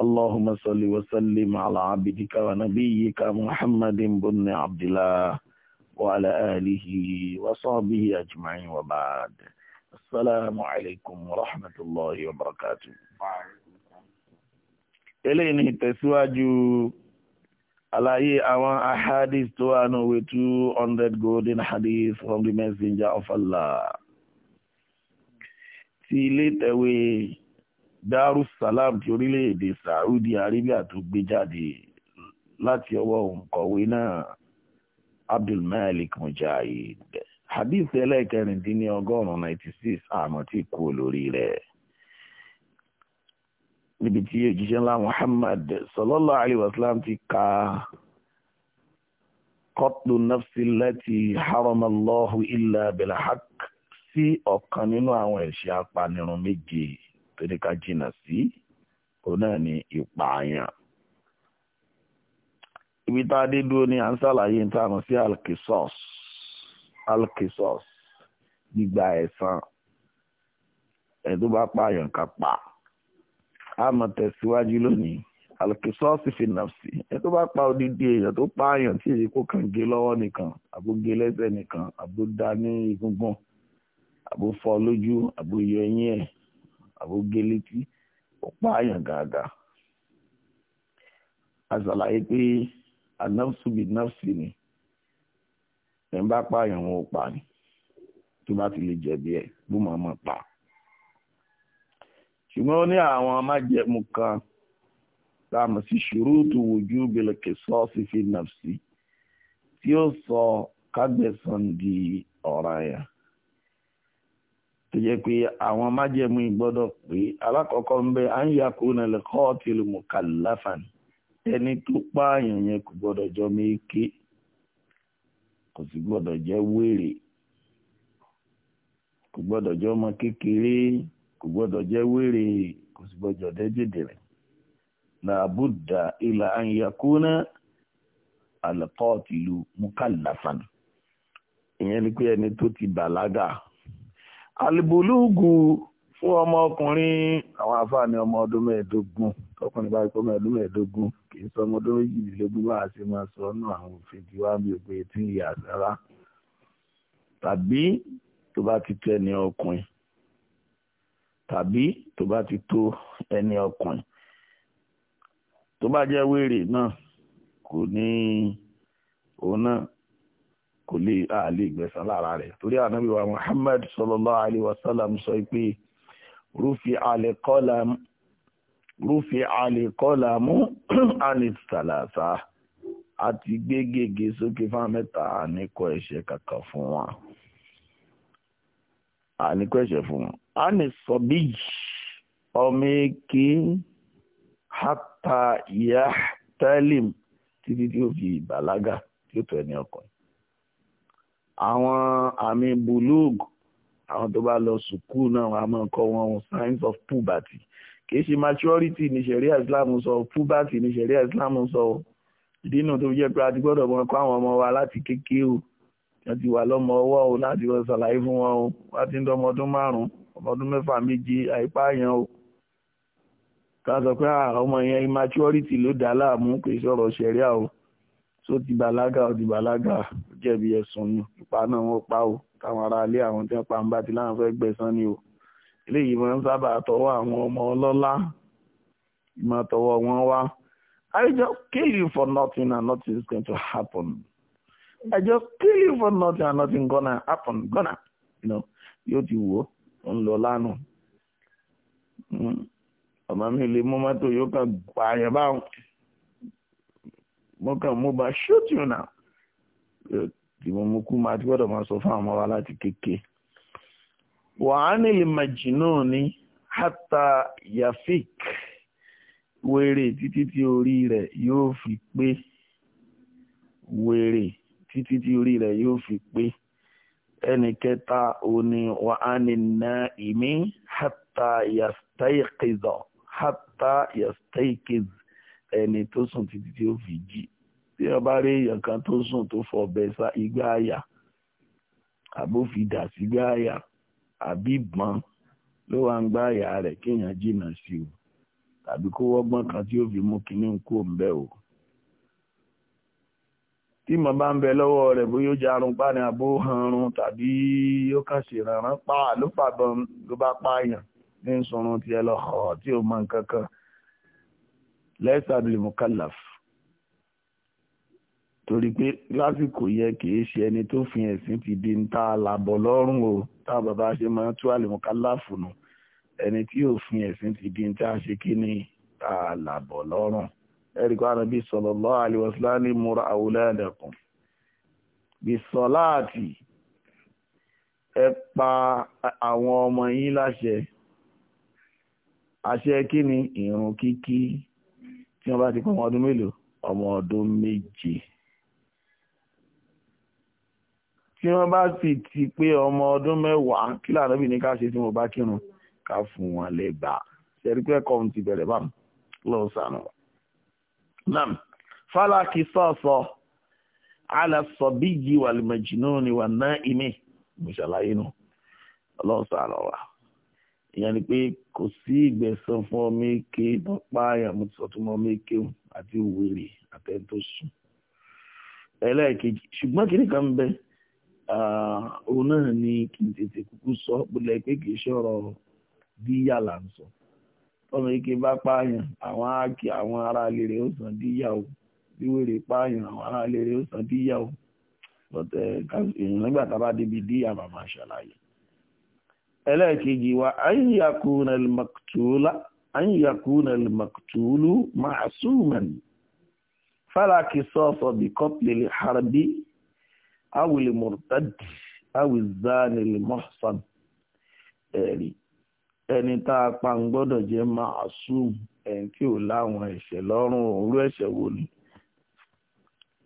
اللهم صل وسلم على عبدك ونبيك محمد بن عبد الله وعلى آله وصحبه أجمعين وبعد السلام عليكم ورحمة الله وبركاته eléyìí ni ìtẹ̀síwájú àlàyé àwọn ahadith tó wà náà with two hundred golden hadith from the messenger of Allah ti ilé tẹ̀wé darussalam ti orílẹ̀-èdè saudi arabia tó gbé jáde láti ọwọ́ òǹkọ̀wé náà abdulmalik mujahid hadith ẹlẹ́kẹrìndínlẹ́ ọgọ́rùn-ún 96 àmọ́ tí kú olórí rẹ̀ níbi tí òjíṣẹ́ ńlá muhammad sallallahu alayhi ti ka qatlu nafsi illa sí ọ̀kan nínú àwọn tó ní ká jìnnà sí òun náà ni ìpààyàn ibi tá a dé dúró ní à ń ṣàlàyé tá a mọ̀ sí alkisos alkisos gbígba ẹ̀san ẹ̀ tó bá pààyàn ká pa á mọ̀ tẹ̀síwájú lónìí alkisos fi nàfsì ẹ̀ tó bá pa odidi èèyàn tó pààyàn tí èyí kò kàn gé lọ́wọ́ nìkan àbó gé lẹ́sẹ̀ nìkan àbó dá egungun àbó fọ́ lójú àbó yọ eyín ẹ̀ àbógé létí ó pààyàn gàgà a ṣàlàyé pé anafsubi nafsi ni ẹ̀ ń bá pààyàn wọn ò pa ni tó bá ti lè jẹ̀bi ẹ̀ bó máa máa pa ṣùgbọ́n ó ní àwọn májẹ̀mú kan tá a mọ̀ sí ṣurutu wujubil qisasi fi nafsi tí ó sọ kágbẹ̀san di ọ̀ranyàn tó jẹ́ pé àwọn májẹ̀mú ìgbọ́dọ̀ pé alákọ̀ọ́kọ́ ń bẹ na ń ya kúrò lè kọ́ ti lè mú ẹni tó pààyàn yẹn kò gbọ́dọ̀ jọ méèké kò sì gbọ́dọ̀ jẹ́ wèrè kò gbọ́dọ̀ jẹ́ ọmọ kékeré kò gbọ́dọ̀ jẹ́ wèrè kò sì ya àlẹ́kọ́ ti alìbòlóògù fún ọmọ ọkùnrin àwọn àfáà ní ọmọ ọdún mẹ́ẹ̀ẹ́dógún tọkùnrin bá gbọ́mọ ọdún mẹ́ẹ̀ẹ́dógún kì í sọ ọmọ ọdún méjìlélógún bá a ṣe máa sọ ọ́nà àwọn òfin tí wàá bí òpin tí ìyá sára tàbí tó bá ti tó ẹni ọkùnrin tàbí tó bá ti tó ẹni ọkùnrin tó bá jẹ́ wèrè náà kò ní òun náà kò lè àlè ìgbẹ̀sán lára rẹ̀ torí ànábì wa Muhammad sallallahu alayhi wa sallam sọ pé rúfi àlẹ́kọ́làmù rúfi àlẹ́kọ́làmù anìtàlàsà àti gbé gègé sókè fáwọn mẹ́ta àníkọ́ ẹ̀ṣẹ̀ kàkà fún wa àníkọ́ ẹ̀ṣẹ̀ fún wa anìsọ̀bíjì ọmọ èké hátà yá tẹ́lìm títí tí ó fi bàlágà tí ó tọ́ ẹni ọkùnrin àwọn àmì bulug àwọn tó bá lọ sùkúù náà wọn a máa kọ́ wọn signs of puberty kìí ṣe maturity ní ṣẹ̀ríà islam sọ puberty ní ṣẹ̀ríà islam sọ ìdínà tó jẹ́ pé a ti gbọ́dọ̀ mọ̀ kọ́ àwọn ọmọ wa láti kékeré o wọ́n ti wà lọ́mọ ọwọ́ o láti wọ́n ṣàlàyé fún wọn o wọ́n ti ń dọ́ ọmọ ọdún márùn-ún ọmọ ọdún mẹ́fà méje àìpáàyàn o ká sọ pé ọmọ yẹn immaturity ló dá láàmú kìí sọ̀rọ̀ ṣẹ̀ríà o tó ti bàlágà ó ti bàlágà jẹ̀bi ẹ̀sùn ni ipa náà wọ́n pa ó táwọn ará àwọn tí wọ́n pa ń bá ti láwọn fẹ́ gbẹ̀san ni o eléyìí máa ń sábà tọwọ́ àwọn ọmọ ọlọ́lá ìmọ̀ tọwọ́ wọn wá I just kill you for nothing and nothing is going to happen I just kill you for nothing and nothing gonna happen gonna you know yóò ti wò ó ń lọ lánàá hmm. ọmọ mi lè mú mọ́tò yóò kàn pààyàn báwọn mo kàn mo bá shoot you now tí mo mú kú máa ti gbọ́dọ̀ máa sọ fún àwọn wa láti kéke wàá nílì majnuni hatta yafik wèrè títí tí orí rẹ̀ yóò fi pé wèrè títí tí orí rẹ̀ yóò fi pé ẹnì kẹta òní wà á ní na ìmí hátà yàtàìkìzọ hátà yàtàìkìz ẹni tó sùn títí tí ó fi jí tí wọ́n bá rí èèyàn kan tó sùn tó fọ ọbẹ̀ sa igbá àyà àbófidà sígbá àyà àbí ìbọn ló wá ń gbá àyà rẹ̀ kéèyàn jìnnà sí o tàbí kó wọ́gbọ́n kan tí ó fi mú kinní kó ń bẹ́ o tí mo bá ń bẹ lọ́wọ́ rẹ̀ bóyá ó jarun pa ni àbó hanrun tàbí ó kàn ṣe ìrànràn pa ló fàbọn ló bá pààyàn ní ìsunrun tiẹ̀ lọ tí ó mọ nǹkan kan lẹ́sà bíi mukallaf torí pé lásìkò yẹ kìí ṣe ẹni tó fi ẹ̀sìn ti di ń ta àlàbọ̀ lọ́rùn o tá bàbá ṣe máa tú àlè mukallaf nù ẹni tí òfin ẹ̀sìn ti di ń ta ṣe kí ni ta àlàbọ̀ lọ́rùn ẹ̀ríkọ́ ànábì sallallahu alaihi wasallam ní múra awladakum bisọ́láàtì ẹ pa àwọn ọmọ yín láṣẹ àṣẹ kí ni ìrun kíkí wọ́n bá ti pọ̀ ọmọ ọdún mélòó ọmọ ọdún méje tí wọ́n bá sì ti pé ọmọ ọdún mẹ́wàá kí lànàbì ní ká ṣe tí mo bá kírun ká fún wọn lẹ́gbà ṣẹ́rí pé ẹ̀kọ́ ti bẹ̀rẹ̀ bá lọ sànù. nam fálákì sọ́ọ̀sọ̀ alásọ bíyì wàlìmọ̀jìnú ni wà ná ìmí mo ṣàlàyé nù ọlọ́sàn àlọ́wà ìyẹn ni pé kò sí ìgbẹ̀san fún ọmọ èké bọ́pá àyàmú tí wọ́n tún mọ ọmọ èké àti wèrè àtẹ́ni tó sùn. ẹlẹ́ẹ̀kejì ṣùgbọ́n kìnnì kan bẹ òun náà ni kì í tètè kúkú sọ bólẹ̀ pé kì í ṣọ̀rọ̀ díyà là ń sọ. ọmọ èké bá pààyàn àwọn áàkì àwọn ará ilé rẹ̀ ó san díyà o bí wèrè pààyàn àwọn ará ilé ó san díyà o. bọ̀tẹ̀ ìrìn tá a bá débi díyà màmá ṣàlàyé ẹlẹ́ẹ̀kejì wa ayyakuna al-maktula ayyakuna al-maktulu ma'asuman falaki sọ́ọ̀sọ̀ bí kọ́pìlì harbi awìlì murtadi awìzánì mọ́sán ẹ̀rí ẹni tá a pa ń gbọ́dọ̀ jẹ́ ma'asum ẹni tí ò láwọn ẹ̀ṣẹ̀ lọ́rùn òru ẹ̀ṣẹ̀ wò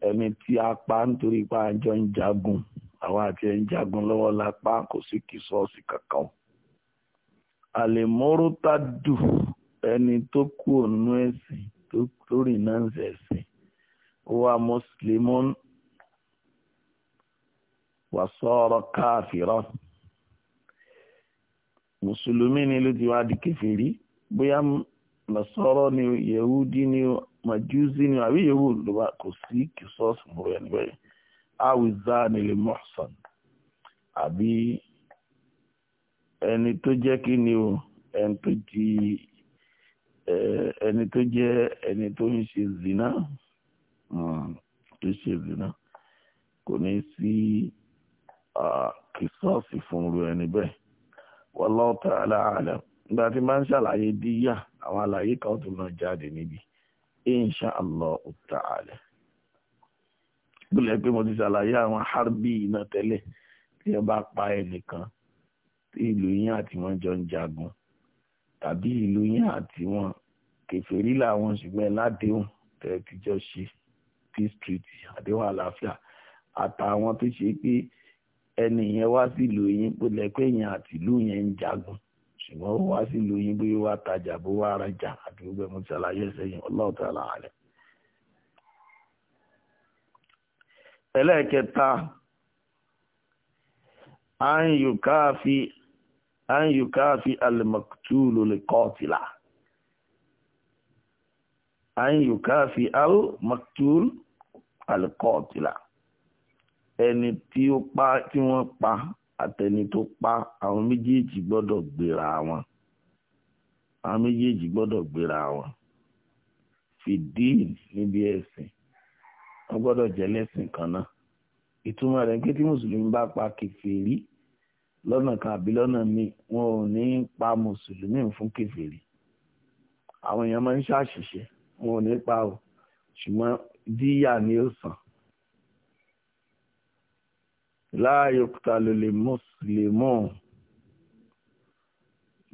ẹni tí a pa nítorí pa àjọ ń jagun àwọn àti ẹ̀ ń jagun lọ́wọ́ lápá kò sí kì sọ́ọ̀sì kankan àlèmọ́rútàdù ẹni tó kú ònú ẹ̀sìn tó rìn náà ń sẹ̀sìn wa mùsùlùmún wà sọ́ọ̀rọ̀ káàfìrọ̀ mùsùlùmí ni ló ti wá di kèfèrí bóyá nasọ́rọ́ ni yehudi ni majusi ni àbí yehu ló bá kò sí kìsọ́ọ̀sì mọ́ ẹni bẹ́ẹ̀ awizani lil muhsan àbí ẹni tó jẹ́ kí ni o ẹni tó ti ẹni tó jẹ́ ẹni tó ń ṣe zina hmm, tó ṣe zina kò ní sí kìsọ́ọ̀sì fún ru ẹni bẹ́ẹ̀ wallahu ta'ala alam nígbà tí máa ń ṣàlàyé díyà àwọn àlàyé kan tó náà jáde níbi insha Allah ta'ala gbọ́dọ̀ pé mo ti ṣàlàyé àwọn harbi iná tẹ́lẹ̀ tí wọ́n bá pa ẹnìkan tí ìlú yín àti wọ́n jọ ń jagun tàbí ìlú yín àti wọ́n kèfèrí làwọn ṣùgbọ́n ládéhùn tẹ́ ti jọ ṣe peace treaty àdéhùn àlàáfíà àtàwọn tó ṣe pé ẹni yẹn wá sí ìlú yín gbọ́dọ̀ pé èèyàn àti ìlú yẹn ń jagun ṣùgbọ́n ó wá sí ìlú yín bóyá wá tajà bó wá rajà àti gbogbo mo ṣàlàyé ẹsẹ̀ yẹn Allahu ta'ala alim. ẹlẹ́ẹ̀kẹta an yukafi an yukafi al-maktulu liqatila an yukafi al-maktul al-qatila ẹni tí ó pa tí wọ́n pa àtẹni tó pa àwọn méjèèjì gbọ́dọ̀ gbéra wọn àwọn méjèèjì gbọ́dọ̀ gbéra wọn fìdí níbi ẹ̀sìn wọ́n gbọ́dọ̀ jẹ́ lẹ́sìn kan náà ìtumọ̀ rẹ̀ pé tí mùsùlùmí bá pa kèfèrí lọ́nà kan àbí lọ́nà míì wọn ò ní pa mùsùlùmí fún kèfèrí àwọn èèyàn máa ń ṣàṣìṣe wọn ò ní pa o ṣùgbọ́n díyà ni ó sàn láàyò kúta lè mùsùlùmọ́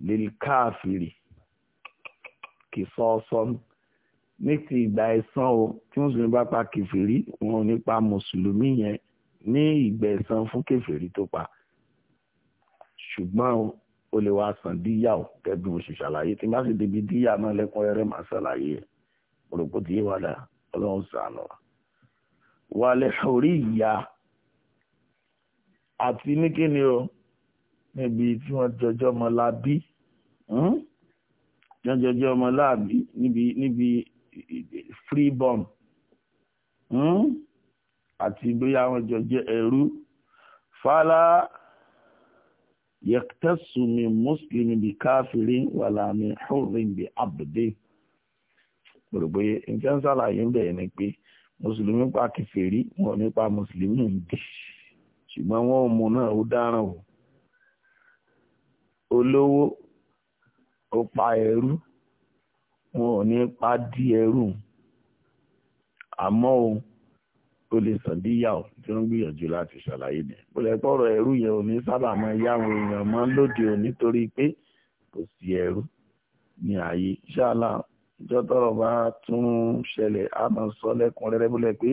lè káàfìrì kì sọ́ọ́sọ́nù ní ti ìgbà ẹ̀san o tí mùsùlùmí bá pa kẹfìrí wọn ò ní pa mùsùlùmí yẹn ní ìgbà ẹ̀san fún kẹfìrí tó pa ṣùgbọ́n o lè wá san díyà o gẹ́gẹ́ bí mo ṣe ṣàlàyé tí n bá sì débi díyà náà lẹ́kùnrẹ́rẹ́ máa ṣàlàyé òròpó tí yé wà dà ọlọ́run sànù wàlẹ̀ orí ìyá àti ní kíni o níbi tí wọ́n jọjọ́ ọmọ lábí hmm? jọjọ́ ọmọ láàbí níbi níbi freeborn hmm? àti bóyá wọn jọ jẹ ẹrú fàlà yẹtẹsùmí mùsùlùmí bí káfírí wà láàmì hùrìn bí abdé gbogbo nǹkan ṣàlàyé ń bẹ̀rẹ̀ ni pé mùsùlùmí pa kèfèrí wọn nípa mùsùlùmí ń dì ṣùgbọ́n wọn ò mú náà ó dáràn o olówó ó pa ẹrú. E wọn ò ní pa dí ẹrù àmọ́ o ó lè sàn díyà ó tí wọ́n gbìyànjú láti ṣàlàyé ni bó lẹ́ pọ̀rọ̀ ẹrú yẹn ò ní sábà máa yá àwọn èèyàn mọ́ lóde òní torí pé kò sí ẹrú ní ààyè ṣáàlà ìjọ tọrọ bá tún ṣẹlẹ̀ a máa sọ lẹ́kùnrẹ́rẹ́ bó lẹ́ pé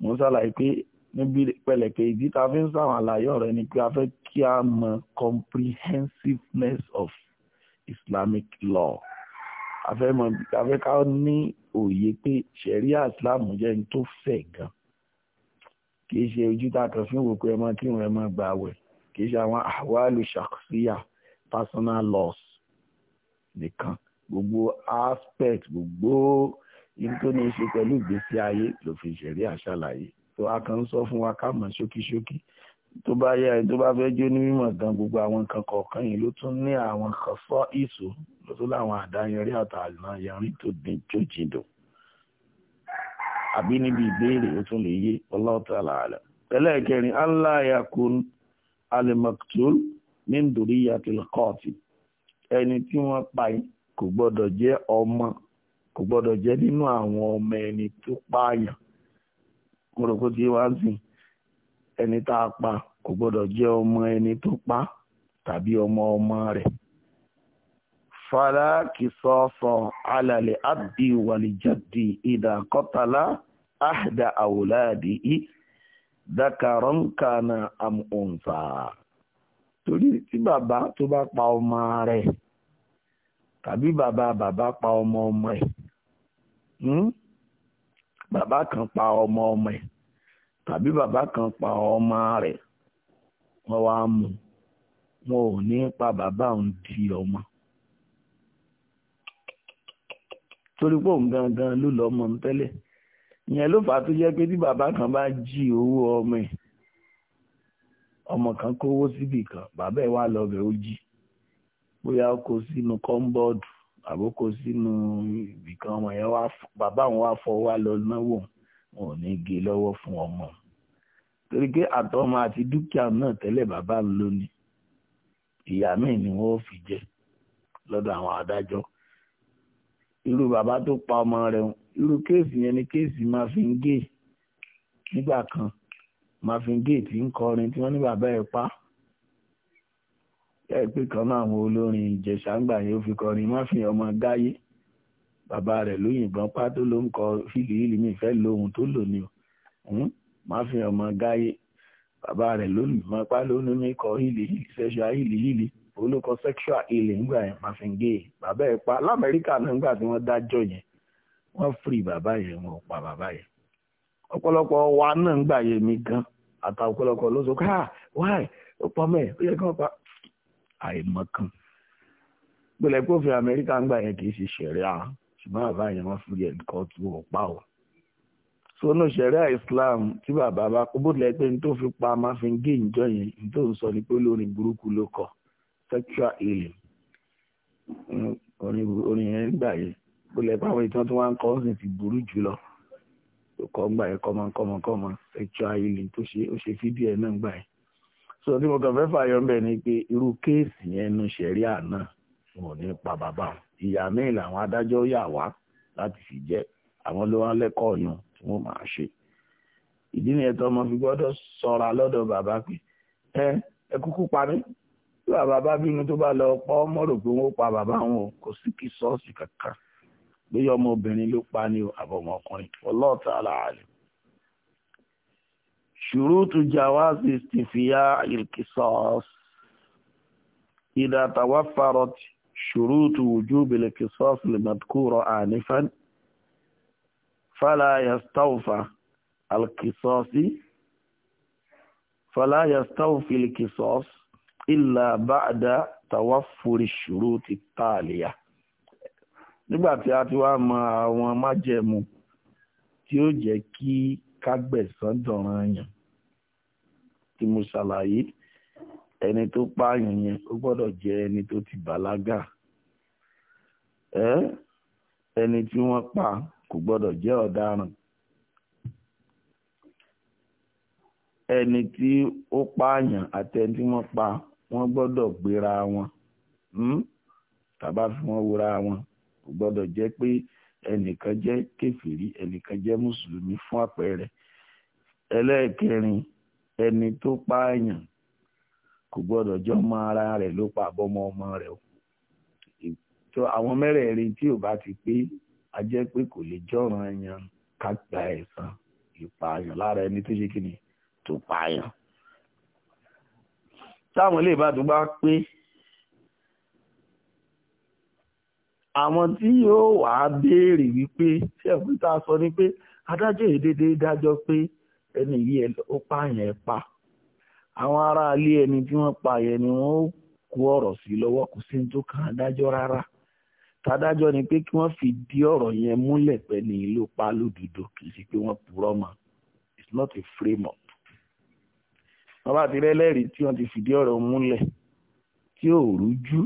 mo ń ṣàlàyé pé níbi pẹ̀lẹ́pẹ̀ ìdí tá a fi ń sàwọn àlàyé ọ̀rọ̀ ni pé a fẹ́ kí a mọ comprehensiveness of Islamic law afẹ́mọ̀ afẹ́ ká ní òye pé ṣẹ̀ríà islam jẹ́ ní tó fẹ̀ gan kìí ṣe ojú tá a kàn fún òkú ẹ máa kírun ẹ gbà wẹ̀ kìí ṣe àwọn àwálù ṣàkóṣíyà personal loss nìkan gbogbo aspect gbogbo ibi tó ní í ṣe pẹ̀lú ìgbésí ayé lòfin ṣẹ̀ríà ṣàlàyé tó a kàn sọ fún wa ká mọ̀ ṣókíṣókí tó bá yá ẹ tó bá fẹ́ jó ní mímọ̀ gbogbo àwọn nǹkan kọ̀ọ̀kan yìí ló tún ní àwọn kan fọ́ ìṣó ló tún láwọn àdáyanrí àtàlà yanrí tó dín jójìdò àbí níbi ìbéèrè ó tún lè yé Allahu ta'ala ẹlẹ́ẹ̀kẹrin allah yakun ẹni tí wọ́n pa yìí kò gbọ́dọ̀ jẹ́ ọmọ kò gbọ́dọ̀ jẹ́ nínú àwọn ẹni tó pààyàn mo rò ẹni tá a pa kò gbọ́dọ̀ jẹ́ ọmọ ẹni tó pa tàbí ọmọ ọmọ rẹ̀ fàlàkì sọ́ọ̀sọ̀ alàlẹ̀ àbí wàlìjàdì ìdàkọ́tàlá àdà àwòláàdì í dákàrọ̀ ń kànà àmùǹsà torí tí bàbá tó bá pa ọmọ rẹ̀ tàbí bàbá bàbá pa ọmọ ọmọ ẹ̀ hmm? bàbá kan pa ọmọ ọmọ ẹ̀ tàbí bàbá kan pa ọmọ rẹ̀ wọ́n wá mú wọn ò ní pa bàbá òun di ọmọ torí pé òun gangan ló lọ ọmọ tẹ́lẹ̀ ìyẹn ló fà á tó jẹ́ pé tí bàbá kan bá jí owó ọmọ ẹ̀ ọmọ kan kówó síbì kan bàbá ẹ̀ wá lọ bẹ̀ ó jí bóyá ó kó sínú kọ́ńbọ́ọ̀dù àbókò sínú ibìkan ọmọ yẹn bàbá òun wá fọwọ́ lọ náwó wọn ò ní gé lọ́wọ́ fún ọmọ torí pé àtọmọ àti dúkìá náà tẹ́lẹ̀ bàbá ń lò ní ìyá míì ni wọ́n fi jẹ lọ́dọ̀ àwọn adájọ́ irú bàbá tó pa ọmọ rẹ̀ irú kéèsì yẹn ni kéèsì máa fi ń gé nígbà kan máa fi ń gé tí ń kọrin tí wọ́n ní bàbá ẹ̀ pa ẹ pé kan náà àwọn olórin ìjẹ̀ṣà ń gbà yẹn ó fi kọrin má fi ọmọ gáyé bàbá rẹ̀ ló yìnbọn pa ló ń kọ fílì ìlú mi fẹ́ lóhun tó lò ní o hmm? máa fi ọmọ gáyé bàbá rẹ̀ lónìí máa pa lónìí mi kọ hìlì hìlì sexual hìlì hìlì olùkọ́ sexual hìlì ńgbà yẹn máa fi ń gé e bàbá ẹ̀ pa lamẹ́ríkà náà ńgbà tí wọ́n dájọ́ yẹn wọ́n fìrì bàbá yẹn wọn ò pa bàbá yẹn ọ̀pọ̀lọpọ̀ wa náà ńgbà yẹn mi gan àtà ọ̀pọ̀lọpọ̀ ló sọ káà ah, wáì ó pọ̀ mẹ́ ó yẹ kí wọ́n pa àìmọ̀kan gbọ́dọ̀ pé òfin amẹ́ríkà ńgbà yẹn kì í ṣe ṣẹ̀ríà ṣùgbọ́n bàbá yẹn wọ́n fìrì ẹ̀ kọ́ tó ò pa sọnù sẹ̀ríà Islam tí bàbá bá kó bó tilẹ̀ pé n tó fi pa máa fi ń gé ìjọ yẹn n tó ń sọ ni pé lórin burúkú ló kọ sexual healing orin yẹn nígbà yẹn bó lẹ pé àwọn ìtàn tí wọ́n ń kọ́ sì ti burú jù lọ kọ́ ń gbà yẹn kọ́mọ sexual healing tó ṣe ó ṣe fídíò ẹ̀ náà gbà yẹn sọ tí mo kàn fẹ́ fàyọ ń bẹ̀ ni pé irú kéèsì yẹn nu sẹ̀ríà náà wọn ní pa bàbá ìyá mẹ́rin àwọn ló wá lẹ́kọ̀ọ́ nu tí wọ́n máa ṣe ìdí nìyẹn tó ọmọ fi gbọ́dọ̀ sọra lọ́dọ̀ bàbá pé ẹ ẹ kúkú pa mí tí bàbá bá bínú tó bá lọ pọ́ mọ́ rò pé wọ́n pa bàbá wọn kò sí kí sọ́ọ̀sì kankan bóyá ọmọbìnrin ló pa ní àbọ̀mọ̀ ọkùnrin Wallahu ta'ala alim. ṣùrùtù jawazi istinfiya al-qisas idha tawaffarat ṣùrùtù wujubi al-qisas al-madhkura anifan فلا يستوفى alkisọ́sí فلا يستوفى alkisọ́s إلا بعد tawaffuri الشروط التالية. nígbà tí a ti wá mọ àwọn májẹ̀mú tí ó jẹ́ kí kágbẹ̀san dọ̀ràn yàn tí mo ṣàlàyé ẹni tó pààyàn yẹn ó gbọ́dọ̀ jẹ́ ẹni tó ti bàlágà ẹni tí wọ́n pa kò gbọ́dọ̀ jẹ́ ọ̀daràn ẹni tí ó pààyàn àtẹni tí wọ́n pa wọ́n gbọ́dọ̀ gbéra wọn hmm? tàbá fi wọ́n wúra wọn kò gbọ́dọ̀ jẹ́ pé ẹnìkan jẹ́ kèfèrí ẹnìkan jẹ́ mùsùlùmí fún àpẹẹrẹ ẹlẹ́ẹ̀kẹrin ẹni tó pààyàn kò gbọ́dọ̀ jọ ọmọ ara rẹ̀ ló pa àbọ̀mọ ọmọ rẹ̀ o tó àwọn mẹ́rẹ̀ẹ̀rin tí ò bá ti pé a jẹ́ pé kò lè jọ́ràn ẹ̀yàn ká gba ẹ̀san ìpààyàn lára ẹni tó ṣe kí ni tó pààyàn. táwọn ilé ìbádùn bá pé àwọn tí yóò wá béèrè wípé ṣé ẹ̀kú tá a sọ ni pé adájọ́ èdèdè dájọ́ pé ẹni yìí ó pààyàn ẹ̀ pa àwọn aráalé ẹni tí wọ́n pààyàn ni wọ́n kó ọ̀rọ̀ sí lọ́wọ́ kò sí ní tó kàn án dájọ́ rárá tádájọ́ ni pé kí wọ́n fìdí ọ̀rọ̀ yẹn múlẹ̀ pẹ́ ní ìlú pa lódodo kì í ṣe pé wọ́n purọ́ mọ́ it's not a frame up. wọ́n bá ti rẹ́lẹ́rìí tí wọ́n ti fìdí ọ̀rọ̀ múlẹ̀ tí ò rújú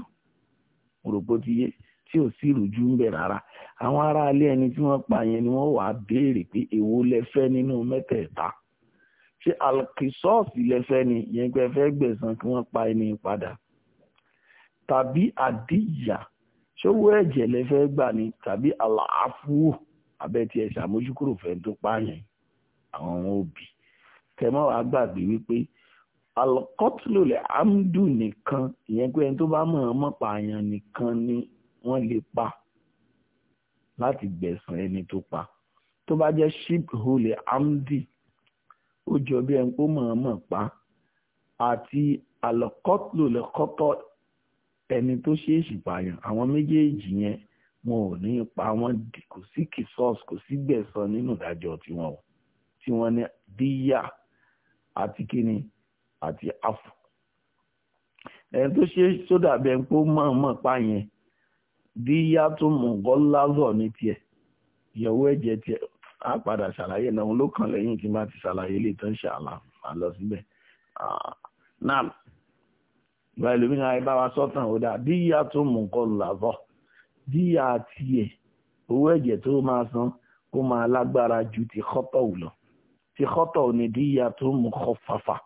òròpó ti yé tí ò sí rújú ń bẹ̀ rárá àwọn aráalé ẹni tí wọ́n pa yẹn ni wọ́n wàá béèrè pé èwo lẹ fẹ́ nínú mẹ́tẹ̀ẹ̀ta ṣé alkisọ́ọ̀sì lẹ fẹ́ ni yẹn pé fẹ́ gbẹ̀san kí wọ́n pa ẹni padà tàbí àdíyà ṣówó ẹ̀jẹ̀ lẹ fẹ́ gbà ni tàbí àlàáfù abẹ́tí ẹ̀ ṣàmójúkúrò fẹ́ tó pààyàn àwọn ọmọ òbí tẹmọ́ wàá wípé alkọ́tìlò amdu nìkan ìyẹn pé ẹni tó bá mọ̀ ọmọ pààyàn nìkan ni wọ́n lè pa láti gbẹ̀sán ẹni tó pa tó bá jẹ́ shibhu amdi ó jọ bí ẹni pé mọ̀ ọmọ pa àti alkọ́tìlò lè ẹni tó ṣèèṣì pààyàn àwọn méjèèjì yẹn wọn ò ní pa wọn kò sí kìsọ́ọ̀sì kò sí gbẹ̀san nínú ìdájọ́ tiwọn o tí wọ́n ní díyà àti kíni àti àfọ̀ ẹni tó ṣe sódà bẹ́ẹ̀ pé ó mọ̀ọ́mọ̀ pààyàn díyà tó mọ̀ gọ́lázọ̀ ní tiẹ̀ ìyàwó ẹ̀jẹ̀ tiẹ̀ á padà ṣàlàyé náà ló kàn lẹ́yìn tí n ti ṣàlàyé lè tán ṣàlà má lọ síbẹ̀ ah, náà ìgbà ẹlòmíràn ayé bá wa sọ́tàn ó dà díyà tó mú nǹkan làbọ̀ díyà tiẹ̀ owó ẹ̀jẹ̀ tó máa san kó máa lágbára ju ti kọ́tọ̀ lọ ti kọ́tọ̀ ni díyà tó mú kọ́ fàfà